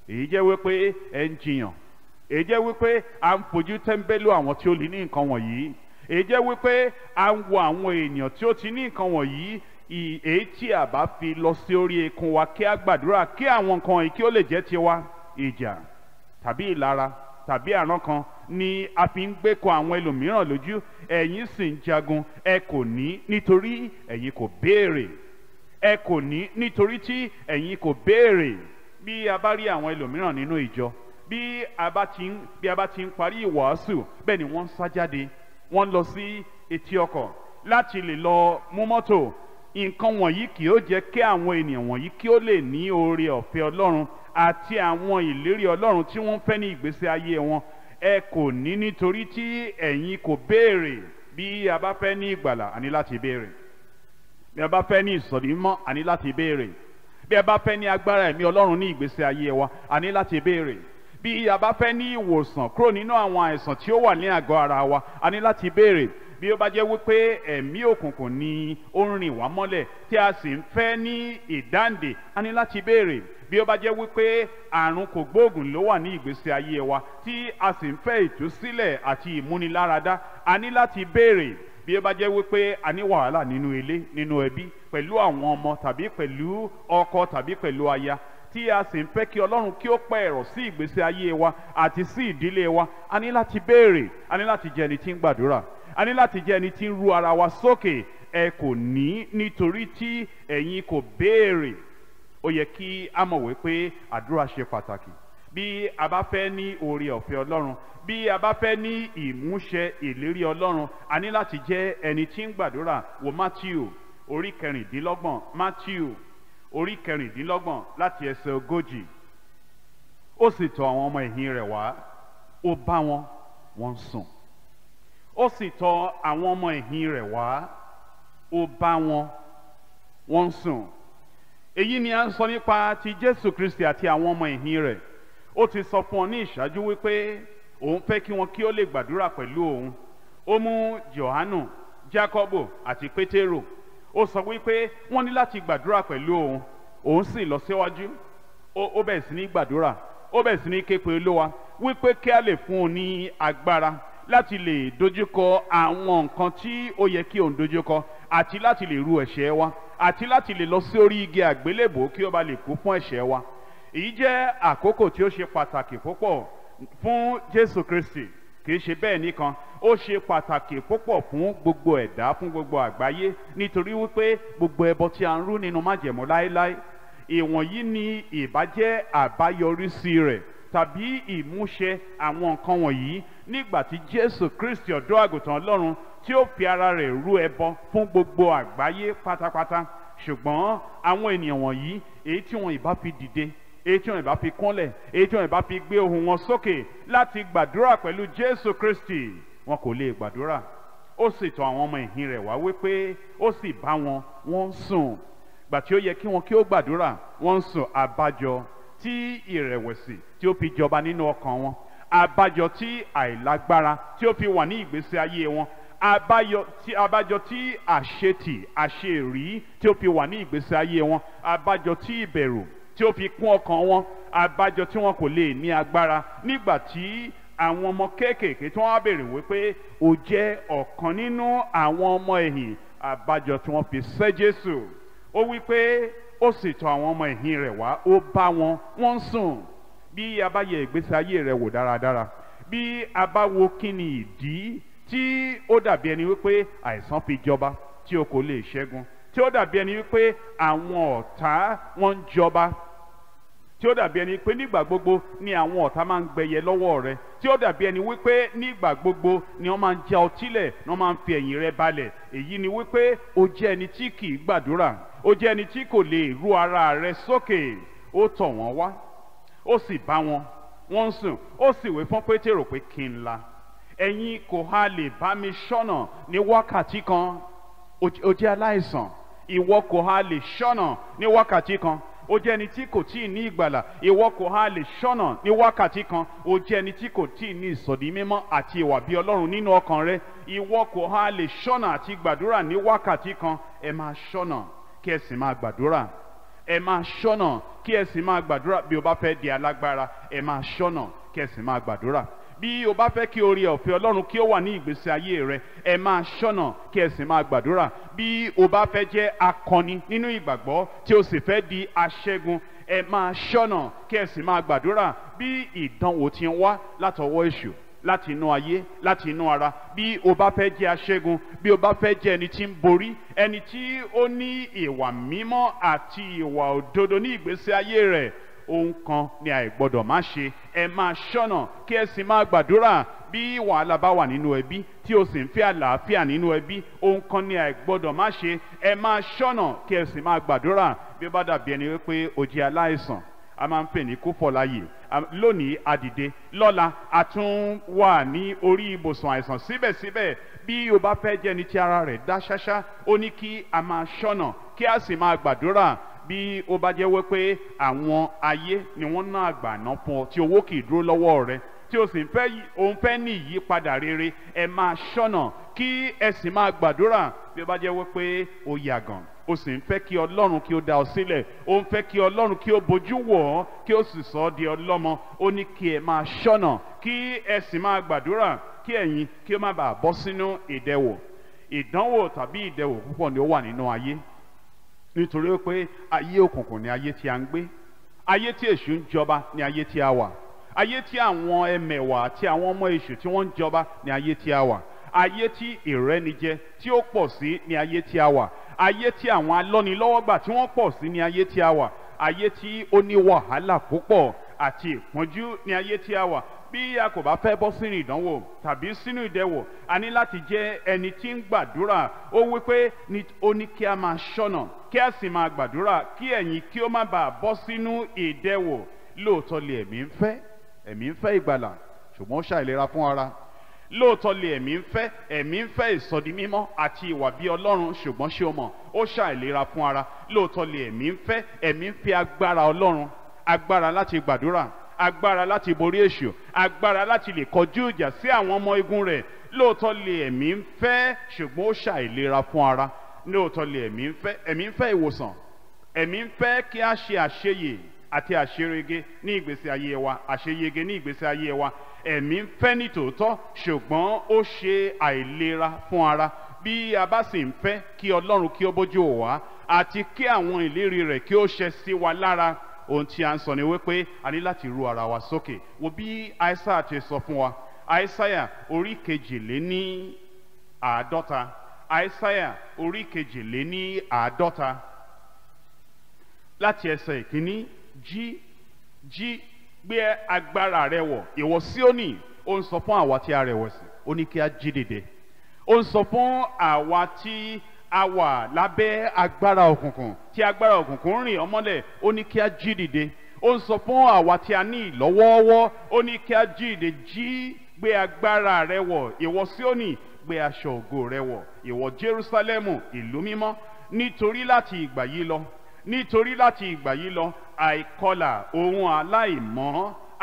èyí jẹ́ wípé ẹ ń jiyàn èyí jẹ́ wípé à ń fojú tẹ́ńbẹ́lú àwọn tí ó lè ní nǹkan wọ̀nyí èyí jẹ́ wípé à ń wo àwọn ènìyàn tí ó ti ní nǹkan wọ̀nyí èyí tí a bá fi lọ sí orí ikùn wa kí a gbàdúrà kí àwọn nǹkan yìí kí ó lè jẹ́ tiwa ìjà tàbí ìlara tàbí àrán kan ni a fi ń gbé kọ àwọn ẹlòmíràn lójú ẹ̀yin sì ń jagun ẹ kò ní nítorí ẹ̀yin kò béèrè ẹ kò ní nítorí tí ẹ̀yin kò béèrè bí a bá rí àwọn ẹlòmíràn nínú ìjọ bí a bá ti ń bí a bá ti ń parí ìwàásù bẹ́ẹ̀ ni wọ́n ń sá jáde wọ́n lọ sí etí ọkọ̀ láti lè lọ mú mọ́tò nǹkan wọ̀nyí kì yóò jẹ́ kí àwọn ènìyàn wọ̀nyí kí ó lè ní oore ọ̀fẹ́ ọlọ́run àti àwọn ìlérí ọlọ́run tí wọ́n fẹ́ ní ìgbésí ayé wọn ẹ kò ní nítorí tí ẹ̀yin kò béèrè bí a bá fẹ́ ní ìgbàlà àní láti béèrè bí a bá fẹ́ ní ìsọ̀rímọ́ àní láti béèrè bí a bá fẹ́ ní agbára ẹ̀mí ọlọ́run ní ìgbésí ayé wa àní láti béèrè bí a bá fẹ́ ní ìwòsàn kúrò nínú àwọn àìsàn tí ó wà ní àgọ́ ara wa àní láti béèrè bí ó bá jẹ́ wípé ẹ̀mí òkùnkùn ni ó ń rìn wá mọ́lẹ̀ tí a sì ń fẹ́ ní ìdáǹdè a ní láti béèrè bí ó bá jẹ́ wípé àrùn kògbóògùn ló wà ní ìgbésí ayé wa tí a sì ń fẹ́ ìtúsílẹ̀ àti ìmúniláradá a ní láti béèrè bí ó bá jẹ́ wípé a ní wàhálà nínú ilé nínú ẹbí pẹ̀lú àwọn ọmọ tàbí pẹ̀lú ọkọ tàbí pẹ̀lú aya tí a sì ń fẹ́ kí ọlọ́run kí ó pẹ́ ẹ̀rọ sí ìgbésí ayé wa àti sí ìdílé wa a ní láti béèrè a ní láti jẹ́ ẹni tí ń gbàdúrà a ní láti jẹ́ ẹni tí ń ru ara wa sókè ẹ kò ní nítorí tí ẹ̀yin kò béèrè ó yẹ kí a mọ̀ wípé àdúrà ṣe pàtàkì bí a bá fẹ́ ní oore ọ̀fẹ́ ọlọ́run bí a bá fẹ́ ní ìmúṣẹ ìlérí ọlọ́run a ní láti jẹ́ ẹni tí ń gbàdúrà wo Matthew orí kẹrìndínlọ́gbọ̀n Matthew orí kẹrìndínlọ́gbọ̀n láti ẹsẹ̀ ogójì ó sì tọ̀ àwọn ọmọ ẹ̀yìn rẹ̀ wá ó bá wọn wọ́n sùn ó sì tọ àwọn ọmọ ẹ̀yìn rẹ̀ wá ó bá wọn wọ́n sùn èyí ni a ń sọ nípa ti Jésù Kristi àti àwọn ọmọ ẹ̀yìn rẹ̀ ó ti sọ fún ọ ní ìṣáájú wípé òun fẹ́ kí wọn kí ó lè gbàdúrà pẹ̀lú òun ó mú Jòhánù Jákọ́bù àti Pétérù ó sọ wípé wọ́n ní láti gbàdúrà pẹ̀lú òun òun sì lọ síwájú ó bẹ̀rẹ̀ sí ní gbàdúrà ó bẹ̀rẹ̀ sí ní képe Olúwa wípé kí a lè fún un ní agbára láti lè dojúkọ àwọn nǹkan tí ó yẹ kí òun dojúkọ àti láti lè ru ẹ̀ṣẹ̀ wa àti láti lè lọ sí orí igi àgbélébò kí ó ba lè kú fún ẹ̀ṣẹ̀ wa èyí jẹ́ àkókò tí ó ṣe pàtàkì púpọ̀ fún Jésù Kristi kì í ṣe bẹ́ẹ̀ nìkan ó ṣe pàtàkì púpọ̀ fún gbogbo ẹ̀dá fún gbogbo àgbáyé nítorí wípé gbogbo ẹbọ tí a ń rú nínú májẹ̀mú láéláé ìwọ̀nyí ni ìbá àbáyọrísí rẹ̀ tàbí ìmúṣẹ àwọn nǹkan wọ̀nyí nígbà tí jésù kristi ọ̀dọ́ àgùntàn ọlọ́run tí ó fi ara rẹ̀ rú ẹbọ fún gbogbo àgbáyé pátápátá ṣùgbọ́n àwọn ènìyàn wọ̀nyí èyí tí wọn ìbá fi dìde èyí tí wọn ìbá fi kúnlẹ̀ èyí tí wọn ìbá fi gbé ohùn wọn sókè láti gbàdúrà pẹ̀lú jésù kristi wọn kò lè gbàdúrà ó sì tọ̀ àwọn ọmọ ẹ̀yìn rẹ̀ wá wípé ó sì bá wọn wọ́n ń sùn gbà tí ó yẹ kí wọn kí ó gbàdúrà wọ́n sùn àbájọ tí ìrẹ̀wẹ̀sì tí ó fi jọba nínú ọkàn wọn àbájọ tí àìlágbára tí ó fi wà ní ìgbésí ayé wọn àbájọ tí àbájọ tí àṣetì àṣerí tí ó fi wà ní ìgbésí ayé wọn àbájọ tí ìbẹ̀rù tí ó fi kún ọkàn wọn àbájọ tí wọn kò lè ní agbára nígbà tí àwọn ọmọ kéékèèké tí wọ́n á béèrè wípé ó jẹ́ ọ̀kan nínú àwọn ọmọ ẹ̀yìn àbájọ tí wọ́n fi sẹ́ Jésù ó wípé ó sì tọ̀ àwọn ọmọ ẹ̀yìn rẹ̀ wá ó bá wọn wọ́n sùn bí a bá yẹ ìgbésí ayé rẹ wò dáradára bí a bá wo kí ni ìdí tí ó dàbí ẹni wípé àìsàn fi jọba tí o kò lè ṣẹ́gun tí ó dàbí ẹni wípé àwọn ọ̀tá wọn ń jọba tí ó dàbí ẹni pé nígbà gbogbo ni àwọn ọ̀tá máa ń gbẹyẹ lọ́wọ́ rẹ tí ó dàbí ẹni wípé nígbà gbogbo ni wọ́n máa ń já ọtí lẹ̀ ni wọ́n máa ń fi ẹ̀yìn rẹ balẹ̀ èyí ni wípé o jẹ́ ẹni tí kì í gbàdúrà o jẹ́ ẹni tí kò lè ru ara rẹ sókè ó tọ̀ wọ́n wá ó sì bá wọn wọ́n ń sùn ó sì wí fún pétérò pé kí n la ẹ̀yin kò ha lè bá mi ṣọ́nà ní wákàtí kan ó jẹ́ aláìsàn ìwọ kò ha lè ṣọ́nà ní wákàtí kan ó jẹ́ ẹni tí kò tíì ní ìgbàlà ìwọ kò ha lè ṣọ́nà ní wákàtí kan ó jẹ́ ẹni tí kò tíì ní ìsọ̀dí mímọ́ àti ìwà bí ọlọ́run nínú ọkàn rẹ ìwọ kò ha lè ṣọ́nà àti gbàdúrà ní wákàtí kan ẹ máa ṣọ́nà kí ẹ sì máa gbàdúrà ẹ máa ṣọ́nà kí ẹ sì máa gbàdúrà bí o bá fẹ́ di alágbára ẹ máa ṣọ́nà kí ẹ sì máa gbàdúrà bí o bá fẹ́ kí oore ọ̀fẹ́ ọlọ́run kí ó wà ní ìgbésí ayé rẹ ẹ máa ṣọ́nà kí ẹ sì máa gbàdúrà bí o bá fẹ́ jẹ́ akọni nínú ìgbàgbọ́ tí o sì fẹ́ di aṣẹ́gun ẹ máa ṣọ́nà kí ẹ sì máa gbàdúrà bí ìdánwò ti ń wá látọwọ́ èṣù láti inú ayé láti inú ara bí o bá fẹ́ jẹ́ aṣẹ́gun bí o bá fẹ́ jẹ́ ẹni tí ń borí ẹni tí ó ní ìwà mímọ́ àti ìwà òdodo ní ìgbésí ayé rẹ̀ ohun kan ni àìgbọ́dọ̀ má ṣe ẹ máa ṣọ́nà kí ẹ sì máa gbàdúrà bí wàhálà bá wà nínú ẹbí tí o sì ń fẹ́ àlàáfíà nínú ẹbí ohun kan ni àìgbọ́dọ̀ má ṣe ẹ máa ṣọ́nà kí ẹ sì máa gbàdúrà bí ó bá dàbí ẹni wípé o jẹ́ aláìsàn a máa ń pè ní kúfọ̀ láyè lónìí àdìde lọ́la a tún wà ní orí ibùsùn àìsàn síbẹ̀síbẹ̀ bí o bá fẹ́ jẹ́ ni ti ara rẹ̀ dá ṣáṣá ó ní kí a máa ṣọ́nà kí a sì máa gbàdúrà bí o bá jẹ́ wípé àwọn ayé ni wọ́n ná àgbàná fún ọ tí owó kì í dúró lọ́wọ́ rẹ tí o sì fẹ́ òun fẹ́ ní ìyípadà rere ẹ máa ṣọ́nà kí ẹ sì máa gbàdúrà bí o bá jẹ́ wípé o yàgàn o sì ń fẹ́ kí ọlọ́run kí ó dá ọ sílẹ̀ o ń fẹ́ kí ọlọ́run kí ó bojú wò ọ́ kí ó sì sọ ọ́ di ọlọ́mọ ó ní kí ẹ máa ṣọ́nà kí ẹ sì máa gbàdúrà kí ẹ̀yin kí ó má bàa bọ́ sínú ìdẹwò ìdánwò tàbí ìdẹwò púpọ̀ ni ó wà nínú ayé nítorí pé ayé òkùnkùn ni ayé tí a ń gbé ayé tí èṣù ń jọba ni ayé tí a wà ayé tí àwọn ẹmẹ̀wà àti àwọn ọmọ èṣù tí wọ́n ń jọba ni ayé tí a wà ayé tí ìrẹ́nijẹ tí ó pọ̀ sí ni ayé tí a wà ayé tí àwọn alọ́nilọ́wọ́gbà tí wọ́n pọ̀ sí ni ayé tí a wà ayé tí ó ní wàhálà púpọ̀ àti ìpọ́njú ní ayé tí a wà bí a kò bá fẹ́ bọ́ sínú ìdánwò tàbí sínú ìdẹwò a ní láti jẹ́ ẹni tí ń gbàdúrà ó wí pé ó ní kí a máa ṣọ́nà kí a sì máa gbàdúrà kí ẹ̀yin kí ó má bàa bọ́ sínú ìdẹwò lóòótọ́ lè ẹ̀mí ń fẹ́ ẹ̀mí ń fẹ́ ìgbàlà ṣùgbọ́n ó ṣàìlera fún ara lóòótọ́ lè ẹ̀mí ń fẹ́ ẹ̀mí ń fẹ́ ìsọdi mímọ́ àti ìwà bí ọlọ́run ṣùgbọ́n ṣé o mọ̀ ó ṣàìlera fún ara lóòótọ́ lè ẹ̀mí ń fẹ́ ẹ̀mí ń fẹ́ agbára ọlọ́run agbára láti gbàdúrà agbára láti borí èṣù agbára láti lè kọjú ìjà sí àwọn ọmọ igun rẹ̀ lóòótọ́ lè ẹ̀mí ń fẹ́ ṣùgbọ́n ó ṣàìlera fún ara lóòótọ́ lè ẹ̀mí ń fẹ́ ẹ̀mí ń fẹ́ ìwòsàn ẹ̀mí ń fẹ́ kí a ṣe àṣeyè àti àṣeyege ní ìgbésí ayé wa àṣeyege ní ìgbésí ayé wa ẹ̀mí ń fẹ́ ní tòótọ́ ṣùgbọ́n ó ṣe àìlera fún ara bí a bá sì ń fẹ́ kí ọlọ́run kí ó bójú wá àti kí àwọn ìlérí rẹ̀ kí ó ṣẹ sí wa lára ohun tí a ń sọ ni wípé a ní láti ru ara wa sókè wo bí aisa ti sọ fún wa aisaya orí kejìléní àádọ́ta aisaya orí kejìléní àádọ́ta láti ẹsẹ̀ ìkíní jí jí gbé agbára rẹ wọ̀ ìwọ Síónì ó ń sọ fún àwa tí a rẹ̀wẹ̀sì ó ní kí a jí dìde ó ń sọ fún àwa tí a wà lábẹ́ agbára òkùnkùn tí agbára òkùnkùn rìn ọmọlẹ̀ ó ní kí a jí dìde ó ń sọ fún àwa tí a ní ìlọ́wọ́ọ́wọ́ ó ní kí a jí dìde jí gbé agbára rẹ wọ̀ ìwọ Síónì gbé aṣọ ògo rẹ wọ̀ ìwọ Jerúsálẹ́mù ìlú mímọ́ nítorí láti ìgbà yìí lọ nítorí láti ìgbà yìí lọ àìkọlà ohun aláìmọ́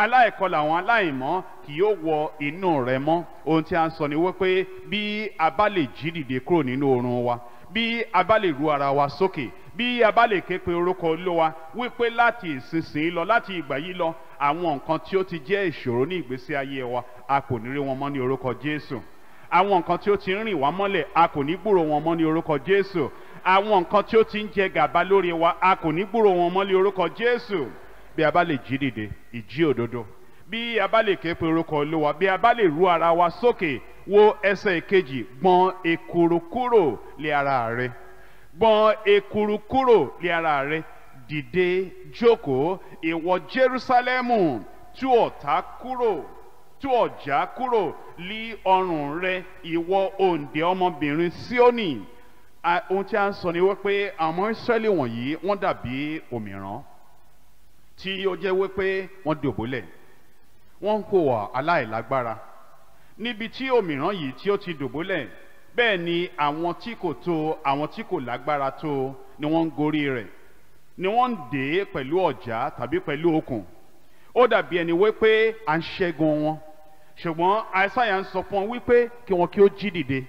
aláìkọlà àwọn aláìmọ́ kì yóò wọ inú rẹ mọ́ ohun tí a ń sọ ni wípé bí a bá lè jí dìde kúrò nínú oorun wa bí a bá lè ru ara wa sókè bí a bá lè ké pe orúkọ Olúwa wípé láti ìsinsìnyí lọ láti ìgbà yìí lọ àwọn nǹkan tí ó ti jẹ́ ìṣòro ní ìgbésí ayé wa a kò ní rí wọn mọ́ ní orúkọ Jésù àwọn nǹkan tí ó ti ń rìn wá mọ́lẹ̀ a kò ní gbúrò wọn mọ́ ní orúkọ Jésù àwọn nǹkan tí ó ti ń jẹ gàba lórí wa a kò ní gbúrò wọn mọ́lé orúkọ Jésù bí a bá lè jí dìde ìjí òdodo bí a bá lè ké pe orúkọ Olúwa bí a bá lè ru ara wa sókè wo ẹsẹ̀ ìkejì gbọ̀n èkùrù kúrò lé ara rẹ gbọ̀n èkùrù kúrò lé ara rẹ dìde jókòó ìwọ Jerúsálẹ́mù tú ọ̀tá kúrò tú ọ̀já kúrò lí ọrùn rẹ ìwọ òǹdè ọmọbìnrin Síónì ohun tí a ń sọ ni wípé àwọn Ísírẹ́lì wọ̀nyí wọ́n dàbí òmìrán tí ó jẹ́ wípé wọ́n dòbólẹ̀ wọ́n ń kó wà aláìlágbára níbi tí òmìrán yìí tí ó ti dòbólẹ̀ bẹ́ẹ̀ ni àwọn tí kò tó àwọn tí kò lágbára tó ni wọ́n ń gorí rẹ̀ ni wọ́n ń dè é pẹ̀lú ọ̀já tàbí pẹ̀lú okùn ó dàbí ẹni wípé à ń ṣẹ́gun wọn ṣùgbọ́n àìsàyà ń sọ fún wọn wípé kí wọn kí ó jí dìde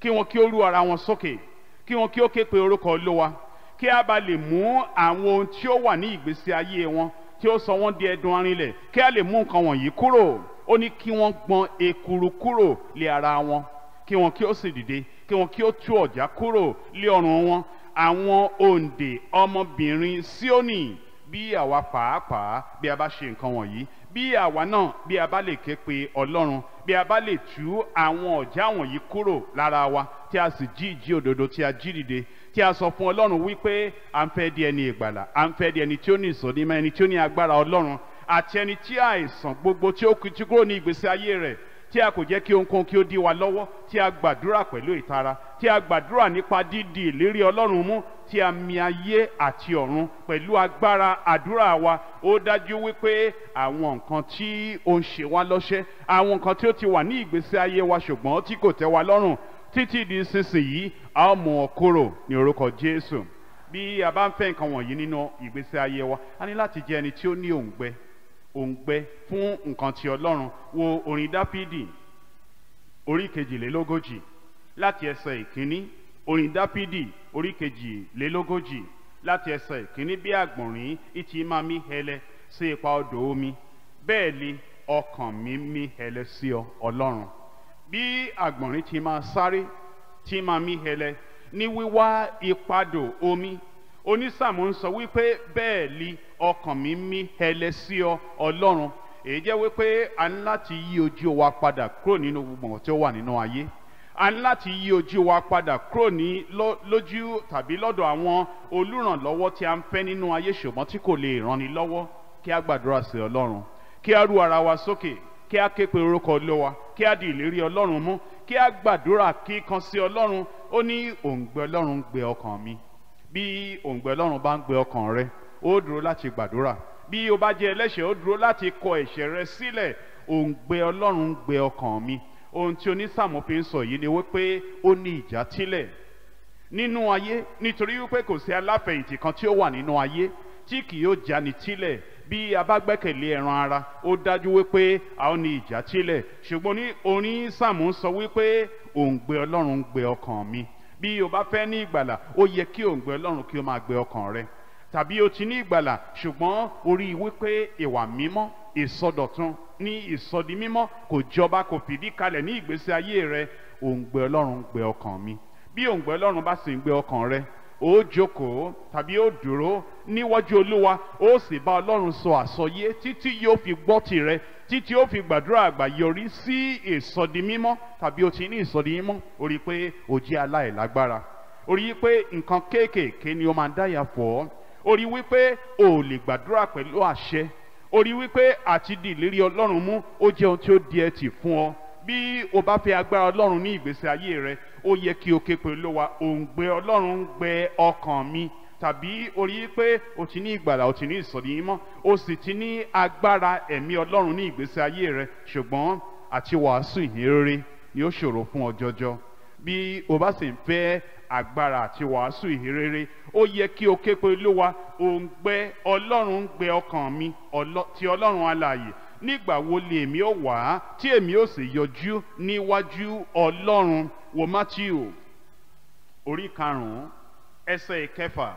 kí wọn kí ó rú ara wọn sókè. So kí wọn kí ó ké pe orúkọ olówa kí a bá lè mú àwọn ohun tí ó wà ní ìgbésí ayé wọn tí ó sọ wọn di ẹdun arinlẹ̀ kí a lè mú nǹkan wọ̀nyí kúrò ó ní kí wọ́n gbọn ekuru kúrò lé ara wọn kí wọn kí ó sì dìde kí wọn kí ó tú ọ̀já kúrò lé ọrùn wọn àwọn òǹdè ọmọbìnrin Síónì bí àwa pàápàá bí a bá ṣe nǹkan wọ̀nyí bí àwa náà bí a bá lè ké pe ọlọ́run bí a bá lè tú àwọn ọ̀já wọ̀nyí kúrò lára wa tí a sì jí ìjí òdodo tí a jí dìde tí a sọ fún ọlọ́run wípé à ń fẹ́ di ẹni ìgbàlà à ń fẹ́ di ẹni tí ó ní ìsọdímọ̀ ẹni tí ó ní agbára ọlọ́run àti ẹni tí àìsàn gbogbo tí ó kú ti kúrò ní ìgbésí ayé rẹ̀ tí a kò jẹ́ kí ohunkóhun kí ó dí wa lọ́wọ́ tí a gbàdúrà pẹ̀lú ìtara tí a gbàdúrà nípa dídi ìlérí ọlọ́run mú tí a mì ayé àti ọ̀run pẹ̀lú agbára àdúrà wa ó dájú wípé àwọn nǹkan tí ó ń ṣe wá lọ́ṣẹ́ àwọn nǹkan tí ó ti wà ní ìgbésí ayé wa ṣùgbọ́n tí kò tẹ́ wa lọ́rùn títí di sísìnyí a ó mú ọ kúrò ní orúkọ Jésù bí a bá ń fẹ́ nǹkan wọ̀nyí nínú ìgbésí ayé wa a ní láti jẹ́ ẹni tí ó ní òǹgbẹ òǹgbẹ fún nǹkan ti ọlọ́run wo orin dápídì orí kejìlélógójì láti ẹsẹ̀ ìkíní orin dápídì orí kejìlélógójì láti ẹsẹ̀ ìkíní bí àgbọ̀nrín ìtì máa mí hẹlẹ sí ipa odò omi bẹ́ẹ̀ ni ọkàn mi mí hẹlẹ sí ọ ọlọ́run bí àgbọ̀nrín ti máa sáré tí máa mí hẹlẹ ní wíwá ipadò omi onísàmù ń sọ wípé bẹ́ẹ̀ li ọkàn mi mí ẹlẹ sí ọ ọlọ́run èyí jẹ́ wípé a ní láti yí ojú wa padà kúrò nínú gbogbo tí ó wà nínú ayé a ní láti yí ojú wa padà kúrò ní lójú tàbí lọ́dọ̀ àwọn olùrànlọ́wọ́ tí a ń fẹ́ nínú ayé ṣùgbọ́n tí kò lè ranni lọ́wọ́ kí a gbàdúrà sí ọlọ́run kí a ru ara wa sókè kí a ké pe orúkọ olówa kí a di ìlérí ọlọ́run mú kí a gbàdúrà kíkan sí ọlọ́run ó ní òǹgbẹ ọlọ́run gbẹ ọkàn mi bí òǹgbẹ Ọlọ́run bá ń gbẹ ọkàn rẹ ó dúró láti gbàdúrà bí o bá jẹ ẹlẹ́ṣẹ̀ ó dúró láti kọ ẹ̀ṣẹ̀ rẹ sílẹ̀ òǹgbẹ Ọlọ́run ń gbẹ ọkàn mi ohun tí onísàmù fi ń sọ yìí ni wípé ó ní ìjà tílẹ̀ nínú ayé nítorí wípé kò sí aláfẹ̀yìntì kan tí ó wà nínú ayé tí kì yóò jani tílẹ̀ bí a bá gbẹ́kẹ̀lé ẹran ara ó dájú wípé a ó ní ìjà tílẹ̀ ṣùgbọ́n onísàmù sọ wípé òǹgbẹ Ọlọ́run ń gbẹ ọkàn mi bí o bá fẹ́ ní ìgbàlà ó yẹ kí o ń gbé ọlọ́run kí o máa gbé ọkàn rẹ tàbí o ti ní ìgbàlà ṣùgbọ́n orí wípé ìwà mímọ́ ìsọdọ̀tun ní ìsọdi mímọ́ kò jọba kò fìdí kalẹ̀ ní ìgbésí ayé rẹ ò ń gbé ọlọ́run gbé ọkàn mi bí ò ń gbé ọlọ́run bá sì ń gbé ọkàn rẹ ó jókòó tàbí ó dúró níwájú olúwa ó sì bá ọlọ́run sọ àsọyé títí yóò fi gbọ́ tirẹ̀ títí ó fi gbàdúrà àgbà yọrí sí ìsọdimímọ́ tàbí o ti ní ìsọdimímọ́ o rí i pé o jẹ́ aláìlágbára o rí i pé nǹkan kéékèèké ni o máa ń dáyà fọ́ o rí i wípé o ò lè gbàdúrà pẹ̀lú àṣẹ o rí i wípé àti di ìlérí ọlọ́run mú ó jẹ́ ohun tí ó di ẹtì fún ọ bí o bá fẹ́ agbára ọlọ́run ní ìgbésí ayé rẹ ó yẹ kí o ké olówa òǹgbẹ ọlọ́run gbẹ ọkàn mi tàbí orí pé o ti ní ìgbàlà o ti ní ìsọ̀rí mímọ́ o sì ti ní agbára ẹ̀mí ọlọ́run ní ìgbésí ayé rẹ ṣùgbọ́n àti wàásù ìhìnrere ni ó ṣòro fún ọ jọjọ bí o bá sì ń fẹ́ agbára àti wàásù ìhìnrere ó yẹ kí o ké pé olúwa òǹgbẹ ọlọ́run ń gbẹ ọkàn mi ti ọlọ́run alààyè nígbà wo lèmi ó wá tí èmi ó sì yọjú níwájú ọlọ́run wo Matthew orí karùn-ún ẹsẹ̀ ìkẹfà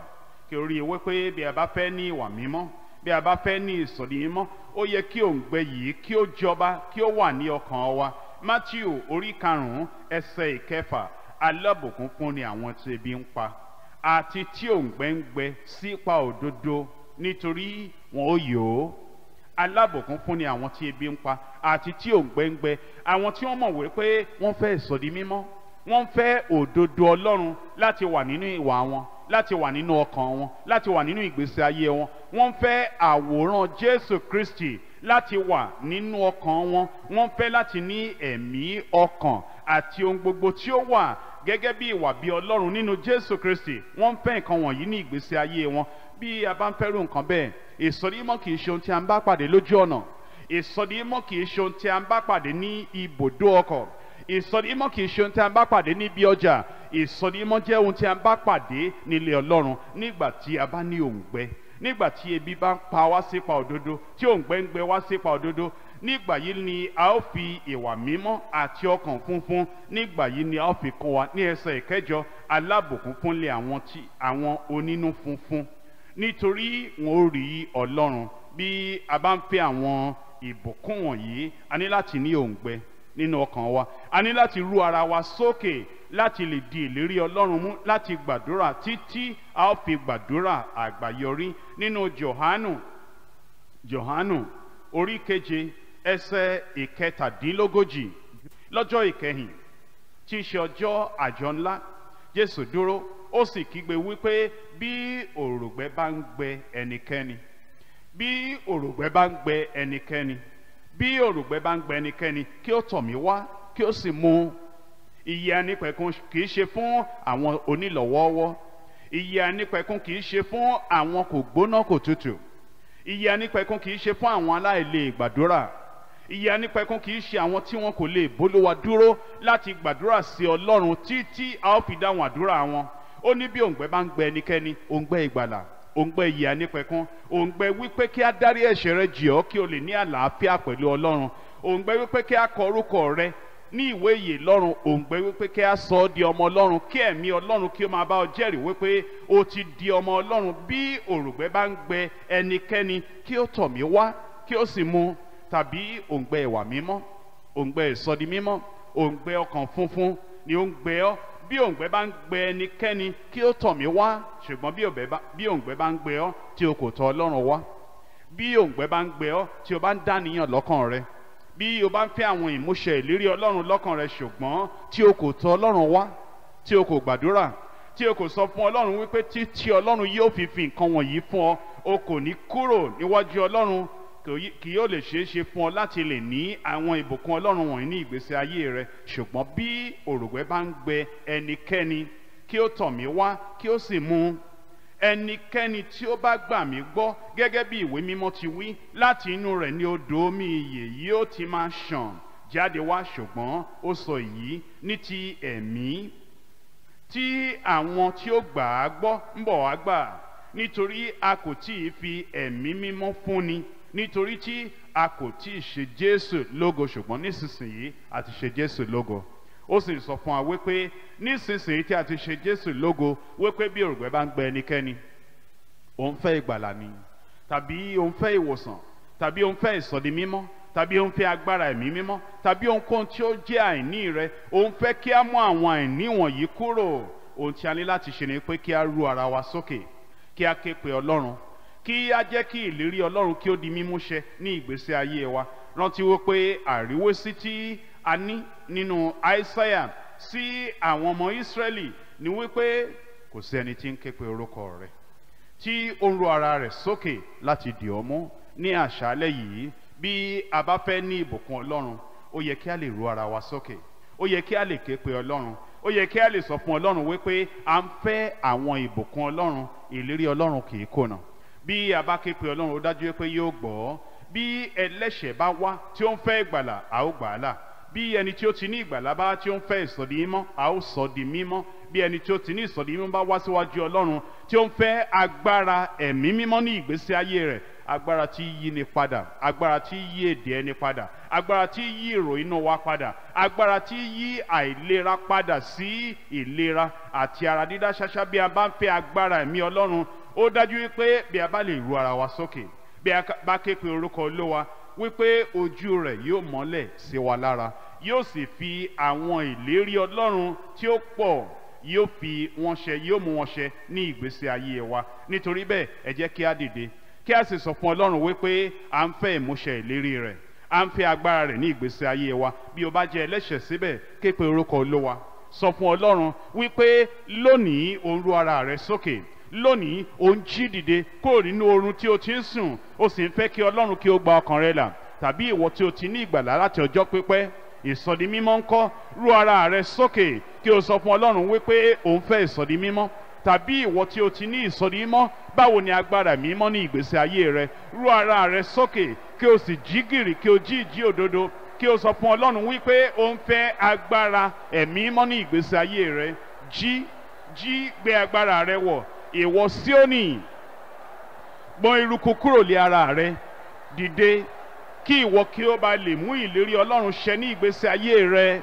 kiri wípé bí a bá fẹ́ ní ìwà mímọ́ bí a bá fẹ́ ní ìsọ̀rí mímọ́ ó yẹ kí òǹgbẹ yìí kí ó jọba kí ó wà ní ọkàn wa Matthew orí karùn-ún ẹsẹ̀ ìkẹfà alábòkún fún ni àwọn tí ebi ń pa àti tí òǹgbẹ ń gbẹ sípa òdodo nítorí wọn ó yò ó alábòkún fún ni àwọn tí ebi ń pa àti tí òǹgbẹ ń gbẹ àwọn tí wọ́n mọ̀ wípé wọ́n fẹ́ ìsọ̀rí mímọ́ wọ́n fẹ́ òdodo Ọlọ́run láti wà nínú ìwà wọn láti wà nínú ọkàn wọn láti wà nínú ìgbésí ayé wọn wọ́n fẹ́ àwòrán Jésù Kristi láti wà nínú ọkàn wọn wọ́n fẹ́ láti ní ẹ̀mí ọkàn àti ohun gbogbo tí ó wà gẹ́gẹ́ bí ìwà bí Ọlọ́run nínú Jésù Kristi wọ́n fẹ́ nǹkan wọ̀nyí ní ìgbésí ayé wọn bí a bá ń fẹ́rù nǹkan bẹ́ẹ̀ ìsọdímọ̀ kì í ṣe ohun tí a ń bá pàdé lójú ọ̀nà ìsọdímọ̀ kì í ṣe ohun tí a ń bá pàdé ní ibùdó ọkọ̀ ìsọdímọ̀ kì í ṣe ohun tí a ń bá pàdé níbi ọjà ìsọdímọ́ jẹ́ ohun tí a bá pàdé nílé ọlọ́run nígbà tí a bá ní òǹgbẹ nígbà tí ebi bá ń pa wá sípa òdodo tí òǹgbẹ ń gbẹ wá sípa òdodo nígbà yìí ni a ó fi ìwà mímọ́ àti ọkàn funfun nígbà yìí ni a ó fi kó wa ní ẹsẹ̀ ìkẹjọ alábùkún fúnlé àwọn tí àwọn onínú funfun nítorí wọn ó rí ọlọ́run bí a bá ń fẹ́ àwọn ìbùkún wọ̀nyí a ní láti ní òǹgbẹ nínú ọkàn wa a ní láti ru ara wa sókè láti lè di ìlérí ọlọ́run mú láti gbàdúrà títí a ó fi gbàdúrà àgbáyọrí nínú Jòhánù Jòhánù orí keje ẹsẹ̀ ìkẹtàdínlógójì lọ́jọ́ ìkẹyìn tí í ṣe ọjọ́ àjọ ńlá Jésù dúró ó sì kígbe wípé bí òrògbẹ bá ń gbẹ ẹnikẹ́ni bí òrògbẹ bá ń gbẹ ẹnikẹ́ni bí òrùgbẹ bá ń gbẹ ẹnikẹ́ni kí ó tọ̀ mí wá kí ó sì mu ìyè anípẹ̀kun kì í ṣe fún àwọn onílọ̀wọ́ọ́wọ́ ìyè anípẹ̀kun kì í ṣe fún àwọn kò gbóná kò tutù ìyè anípẹ̀kun kì í ṣe fún àwọn aláìlè gbàdúrà ìyè anípẹ̀kun kì í ṣe àwọn tí wọn kò lè bólúwa dúró láti gbàdúrà sí ọlọ́run títí a ó fi dáhùn àdúrà wọn ó ní bí òǹgbẹ bá ń gbẹ ẹnikẹ́ni òǹgbẹ ìgbàlà òǹgbẹ ìyà nípẹ̀kun òǹgbẹ wípé kí a dárí ẹ̀ṣẹ̀ rẹ jì ọ́ kí o lè ní àlàáfíà pẹ̀lú ọlọ́run òǹgbẹ wípé kí a kọ orúkọ rẹ ní ìwé ìyè lọ́run òǹgbẹ wípé kí a sọ ọ́ di ọmọ ọlọ́run kí ẹ̀mí ọlọ́run kí ó máa bá ọ jẹ́rìí wípé o ti di ọmọ ọlọ́run bí òrùngbẹ bá ń gbẹ ẹnikẹ́ni kí ó tọ̀ mí wá kí ó sì mu tàbí òǹgbẹ ìwà mímọ́ òǹgbẹ ìsọdi mímọ́ òǹgbẹ ọkàn funfun ni ó ń gbẹ ọ́ bí òǹgbẹ bá ń gbẹ ẹnikẹ́ni kí ó tọ̀ mí wá ṣùgbọ́n bí òǹgbẹ bá ń gbẹ ọ́ tí o kò tọ̀ ọlọ́run wá bí òǹgbẹ bá ń gbẹ ọ́ tí o bá ń dàníyàn lọ́kàn rẹ bí o bá ń fẹ́ àwọn ìmúṣẹ ìlérí ọlọ́run lọ́kàn rẹ ṣùgbọ́n tí o kò tọ̀ ọlọ́run wá tí o kò gbàdúrà tí o kò sọ fún ọlọ́run wípé títí ọlọ́run yóò fi fi nǹkan wọ̀nyí fún ọ o kò ní kúrò níwájú ọlọ́run kì yóò lè ṣeé ṣe fún ọ láti lè ní àwọn ìbùkún ọlọ́run wọ̀nyí ní ìgbésí ayé rẹ ṣùgbọ́n bí òrùngbẹ bá ń gbẹ ẹnikẹ́ni kí ó tọ̀ mí wá kí ó sì mu ẹnikẹ́ni tí ó bá gbà mí gbọ́ gẹ́gẹ́ bí ìwé mímọ́ ti wí láti inú rẹ̀ ni odò omi ìyè yóò ti máa ṣàn jáde wá ṣùgbọ́n ó sọ èyí ní ti ẹ̀mí tí àwọn tí ó gbà á gbọ́ ń bọ̀ wá gbà nítorí a kò tí ì fi ẹ̀mí mímọ́ fúnni nítorí tí a kò tí ì ṣe Jésù lógo ṣùgbọ́n nísinsìnyí a ti ṣe Jésù lógo ó sì sọ fún wa wípé nísinsìnyí tí a ti ṣe Jésù lógo wípé bí òrùgbẹ́ bá ń gbẹ ẹnikẹ́ni òun fẹ́ ìgbàlà ni tàbí òun fẹ́ ìwòsàn tàbí òun fẹ́ ìsọdimímọ́ tàbí òun fẹ́ agbára ẹ̀mí mímọ́ tàbí ohunkóhun tí ó jẹ́ àìní rẹ òun fẹ́ kí a mú àwọn àìní wọ̀nyí kúrò ohun tí a ní láti ṣe ni pé kí a ru ara wa sókè kí a ké pe Ọlọ́run kí á jẹ́ kí ìlérí ọlọ́run kí ó di mímúṣẹ ní ìgbésí ayé wa rántí wípé àríwésí tí a ní nínú àìsáyà sí àwọn ọmọ ìsírẹ́lì ni wípé kò sí ẹni tí ń ké pe orúkọ rẹ tí ó ń ro ara rẹ̀ sókè láti dì ọ́ mú ní àṣálẹ́ yìí bí a bá fẹ́ ní ìbùkún ọlọ́run ó yẹ kí a lè ro ara wa sókè ó yẹ kí a lè ké pe ọlọ́run ó yẹ kí a lè sọ fún ọlọ́run wípé à ń fẹ́ àwọn ìbùkún ọlọ́run ìlérí ọlọ́run kì í kùnà bí a bá ké pe ọlọ́run ó dájú pé yóò gbọ́ bí ẹlẹ́ṣẹ̀ bá wá tí ó ń fẹ́ ìgbàlà a ó gbà á là bí ẹni tí ó ti ní ìgbàlà bá tí ó ń fẹ́ ìsọ̀dí mímọ́ a ó sọ di mímọ́ bí ẹni tí ó ti ní ìsọ̀dí mímọ́ bá wá síwájú ọlọ́run tí ó ń fẹ́ agbára ẹ̀mí mímọ́ ní ìgbésí ayé rẹ̀ agbára tí yí ni padà agbára tí yí èdè ẹni padà agbára tí yí ìròyìn náà wá padà agbára tí yí àìlera padà sí ìlera àti ara dídá ṣáṣá bí a bá ń fẹ́ agbára ẹ̀mí ọlọ́run ó dájú wípé bí a bá lè ru ara wa sókè bí a bá ké pe orúkọ olówa wípé ojú rẹ̀ yóò mọ́lẹ̀ sí wa lára yóò sì fi àwọn ìlérí ọlọ́run tí ó pọ̀ yóò fi wọn ṣẹ yóò mú wọn ṣẹ ní ìgbésí ayé wa nítorí bẹ́ẹ̀ ẹ jẹ́ kí a dìde kí a sì sọ fún ọlọ́run wípé à ń fẹ́ ìmúṣẹ ìlérí rẹ̀ à ń fẹ́ agbára rẹ̀ ní ìgbésí ayé wa bí o bá jẹ́ ẹlẹ́ṣẹ̀ síbẹ̀ ké pe orúkọ olówa sọ fún ọlọ́run wípé lónìí òun ru ara rẹ̀ sókè lónìí ò ń jí dìde kúrò nínú oorun tí o ti ń sùn o sì ń fẹ́ kí ọlọ́run kí o gba ọkàn rẹ là tàbí ìwọ tí o ti ní ìgbàlá láti ọjọ́ pípẹ́ ìsọdi mímọ́ ń kọ́ rú ara rẹ sókè kí o sọ fún ọlọ́run wípé òun fẹ́ ìsọdi mímọ́ tàbí ìwọ tí o ti ní ìsọdi mímọ́ báwo ni agbára mímọ́ ní ìgbésí ayé rẹ rú ara rẹ sókè kí o sì jí gìrì kí o jí ìjí òdodo kí o sọ fún ọlọ́run wípé o ń fẹ́ agbára ẹ̀mí mímọ́ ní ìgbésí ayé rẹ jí jí gbé agbára rẹ wọ̀ ìwọ Síónì gbọ̀n eruku kúrò lé ara rẹ dìde kí ìwọ kí ó bá lè mú ìlérí Ọlọ́run ṣẹ ní ìgbésí ayé rẹ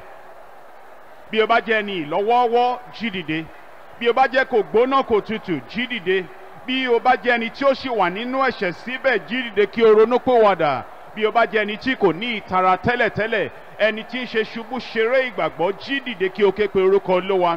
bí o bá jẹ́ ẹni ìlọ́wọ́ọ́wọ́ jí dìde bí o bá jẹ́ kò gbóná kò tutù jí dìde bí o bá jẹ́ ẹni tí ó sì wà nínú ẹ̀ṣẹ̀ síbẹ̀ jí dìde kí o ronú pòwàdà bí o bá jẹ́ ẹni tí kò ní ìtara tẹ́lẹ̀tẹ́lẹ̀ ẹni tí ń ṣe ṣubú ṣeré ìgbàgbọ́ jí dìde kí o ké pe orúkọ Olúwa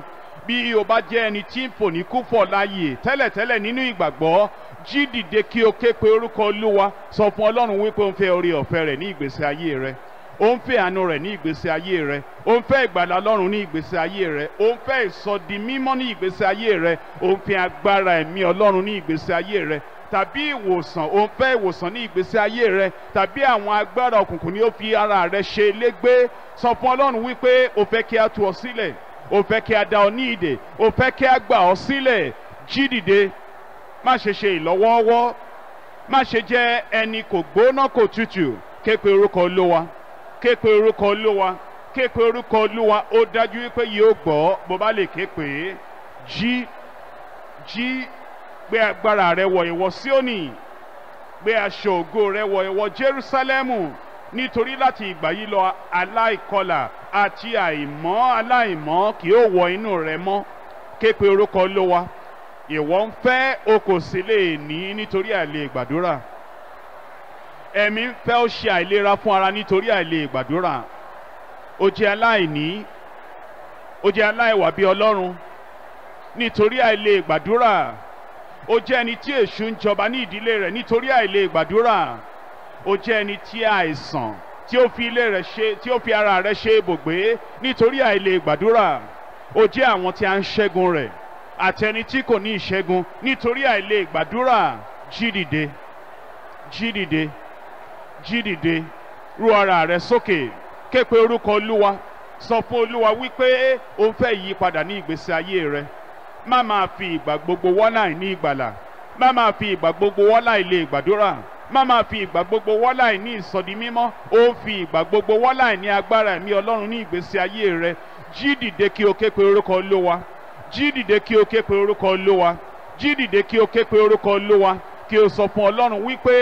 bí o bá jẹ́ ẹni tí ń fò ní kú fọ̀ láàyè tẹ́lẹ̀tẹ́lẹ̀ nínú ìgbàgbọ́ jí dìde kí o ké pe orúkọ olúwa sọ fún ọlọ́run wípé o ń fẹ́ orí ọ̀fẹ́ rẹ̀ ní ìgbésí ayé rẹ o ń fẹ́ àánú rẹ̀ ní ìgbésí ayé rẹ o ń fẹ́ ìgbàlà ọlọ́run ní ìgbésí ayé rẹ o ń fẹ́ ìsọdi mímọ́ ní ìgbésí ayé rẹ o ń fẹ́ agbára ẹ̀mí ọlọ́run ní ìgbésí ayé rẹ tàbí ìwòsàn o ń fẹ́ ìwòsàn ní ìgbésí ayé rẹ tàbí àwọn agbára òkùnkùn ni ó fi ara rẹ ṣe légbé sọ fún ọlọ́run wípé o fẹ́ kí a tú ọ sílẹ̀ ó kí a dá ọ ní ìdè ó fẹ́ kí a gbà ọ sílẹ̀ jí dìde má ṣe ṣe ìlọ́wọ́ọ́wọ́ má ṣe jẹ́ ẹni kò gbóná kò tutù képe orúkọ olówa képe orúkọ olówa képe orúkọ olúwa ó dájú wípé yóò gbọ́ bó bá lè képe jí jí gbé agbára rẹ wọ̀ ìwọ Síónì gbé aṣọ ògo rẹ wọ̀ ìwọ Jerúsálẹ́mù nítorí láti ìgbà yìí lọ aláìkọlà àti àìmọ́ aláìmọ́ kì yóò wọ inú rẹ mọ́ képe orúkọ Olúwa ìwọ ń fẹ́ o kò sì lè ní nítorí àìlè gbàdúrà ẹ̀mí ń fẹ́ ó ṣe àìlera fún ara nítorí àìlè gbàdúrà ó jẹ́ aláìní ó jẹ́ aláìwà bí Ọlọ́run nítorí àìlè gbàdúrà ó jẹ́ ẹni tí èṣù ń jọba ní ìdílé rẹ̀ nítorí àìlè gbàdúrà ó jẹ́ ẹni tí àìsàn tí ó fi ilé rẹ̀ ṣe tí ó fi ara rẹ̀ ṣe ibùgbé nítorí àìlè gbàdúrà ó jẹ́ àwọn tí a ń ṣẹ́gun rẹ̀ àti ẹni tí kò ní ìṣẹ́gun nítorí àìlè gbàdúrà jí dìde jí dìde jí dìde rú ara rẹ sókè ké pe orúkọ olúwa sọ fún olúwa wípé o fẹ́ yí padà ní ìgbésí ayé rẹ má máa fi ìgbà gbogbo wọ́n láì ní ìgbàlà má máa fi ìgbà gbogbo wọ́n láì lè gbàdúrà má máa fi ìgbà gbogbo wọ́lá ẹ̀ ní ìsọ̀dí mímọ́ ó fi ìgbà gbogbo wọ́lá ẹ̀ agbára ẹ̀mí ọlọ́run ní ìgbésí ayé rẹ jí dìde kí o ké pe orúkọ olówa jí dìde kí o ké pe orúkọ olówa jí dìde kí o ké pe orúkọ olówa kí o sọ fún ọlọ́run wípé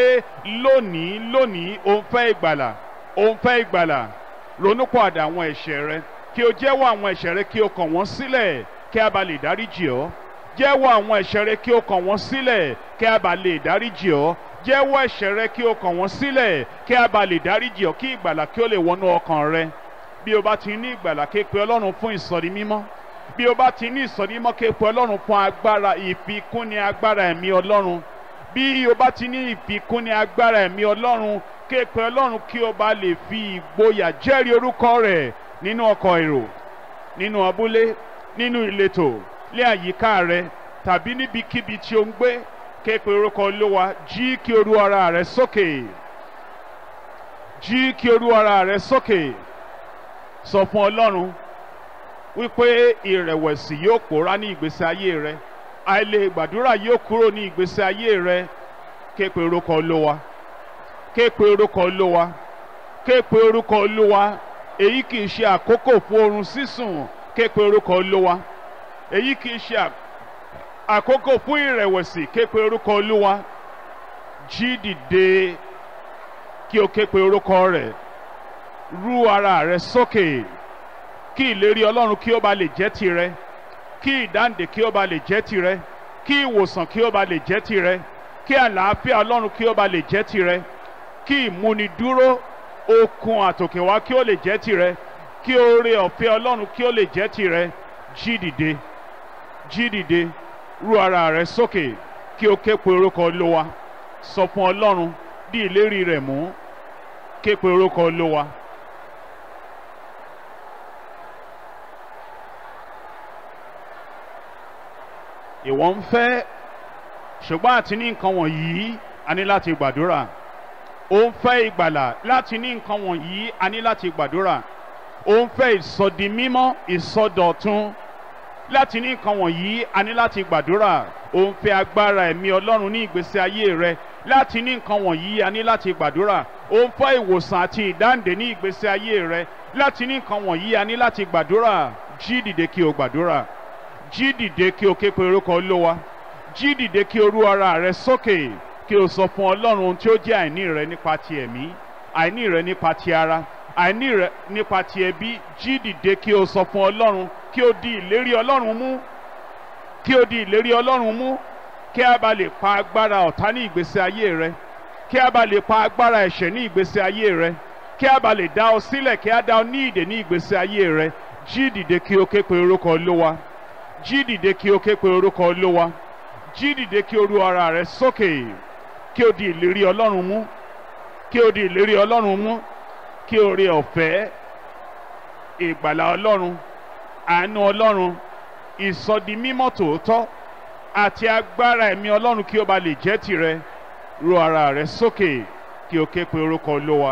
lónìí lónìí o ń fẹ́ ìgbàlà o ń fẹ́ ìgbàlà ronúpọ̀ àdà ẹ̀ṣẹ̀ rẹ kí o jẹ́wọ́ àwọn ẹ̀ṣẹ̀ rẹ kí o kàn wọ́n sílẹ̀ kí a bá lè dáríjì ọ́ jẹ́wọ́ àwọn ẹ̀ṣẹ̀ rẹ kí o kàn wọ́n sílẹ̀ kí a bá lè dáríjì ọ́ jẹ́wọ́ ẹ̀ṣẹ̀ rẹ kí o kàn wọ́n sílẹ̀ kí a bá lè dáríjì ọ́ kí ìgbàlà kí o lè wọnú ọkàn rẹ bí o bá ti ní ìgbàlà ké pe ọlọ́run fún ìsọ̀rí mímọ́ bí o bá ti ní ìsọ̀rí mímọ́ ké pe ọlọ́run fún agbára ìfikúnni agbára ẹ̀mí ọlọ́run bí o bá ti ní ìfikúnni agbára ẹ̀mí ọlọ́run ké pe ọlọ́run kí o bá lè fi ìgboyà jẹ́rìí orúkọ rẹ̀ nínú ọkọ̀ èrò nínú abúlé nínú ìletò lé àyíká rẹ tàbí níbikíbi tí o ń gbé ké pe orúkọ olúwa jí kí orú ara rẹ sókè jí kí orú ara rẹ sókè sọ fún ọlọ́run wípé ìrẹ̀wẹ̀sì yóò pòórá ní ìgbésí ayé rẹ àìlè gbàdúrà yóò kúrò ní ìgbésí ayé rẹ ké pe orúkọ olúwa ké pe orúkọ olúwa ké pe orúkọ olúwa èyí kì í ṣe àkókò fún oorun sísùn ké pe orúkọ olúwa èyí kì í ṣe àkókò fún ìrẹ̀wẹ̀sì ké pe orúkọ olúwa jí dìde kí o ké orúkọ rẹ̀ rú ara rẹ sókè kí ìlérí ọlọ́run kí ó ba lè jẹ́ tirẹ̀ kí ìdáǹdè kí ó ba lè jẹ́ tirẹ̀ kí ìwòsàn kí ó ba lè jẹ́ tirẹ̀ kí àlàáfíà ọlọ́run kí ó ba lè jẹ́ tirẹ̀ kí ìmúnidúró okun àtòkèwá kí ó lè jẹ́ tirẹ̀ kí oore ọ̀fẹ́ ọlọ́run kí ó lè jẹ́ tirẹ̀ jí dìde jí dìde rú ara rẹ sókè kí o ké pe orúkọ Olúwa sọ fún Ọlọ́run dí ìlérí rẹ̀ mú ké pe orúkọ Olúwa. ìwọ ń fẹ́ ṣùgbọ́n àti ní nǹkan wọ̀nyí a ní láti gbàdúrà ó ń fẹ́ ìgbàlà láti ní nǹkan wọ̀nyí a ní láti gbàdúrà ó ń fẹ́ ìsọdimímọ́ ìsọdọ̀tun láti ní nǹkan wọ̀nyí a ní láti gbàdúrà ò ń fẹ́ agbára ẹ̀mí ọlọ́run ní ìgbésí ayé rẹ láti ní nǹkan wọ̀nyí a ní láti gbàdúrà ò ń fẹ́ ìwòsàn àti ìdáǹdè ní ìgbésí ayé rẹ láti ní nǹkan wọ̀nyí a ní láti gbàdúrà jí dìde kí o gbàdúrà jí dìde kí o képe orúkọ olówa jí dìde kí o rú ara rẹ sókè kí o sọ fún ọlọ́run ohun tí ó jẹ́ àìní rẹ nípa ti ẹ̀mí àìní rẹ nípa ti ara àìní rẹ nípa ti ẹbí jí dìde kí o sọ fún ọlọ́run kí ó di ìlérí ọlọ́run mú kí ó di ìlérí ọlọ́run mú kí a bá lè pa agbára ọ̀tá ní ìgbésí ayé rẹ kí a bá lè pa agbára ẹ̀ṣẹ̀ ní ìgbésí ayé rẹ kí a bá lè dá ọ sílẹ̀ kí a dá ọ ní ìdè ní ìgbésí ayé rẹ jí dìde kí o ké orúkọ olówa jí dìde kí o ké orúkọ olówa jí dìde kí o ru ara rẹ sókè kí o di ìlérí ọlọ́run mú kí o di ìlérí ọlọ́run mú kí o rí ọ̀fẹ́ ìgbàlà ọlọ́run àánú ọlọ́run ìsọdi mímọ́ tòótọ́ àti agbára ẹ̀mí ọlọ́run kí ó ba lè jẹ́ tìrẹ ro ara rẹ sókè kí o ké pe orúkọ olówa.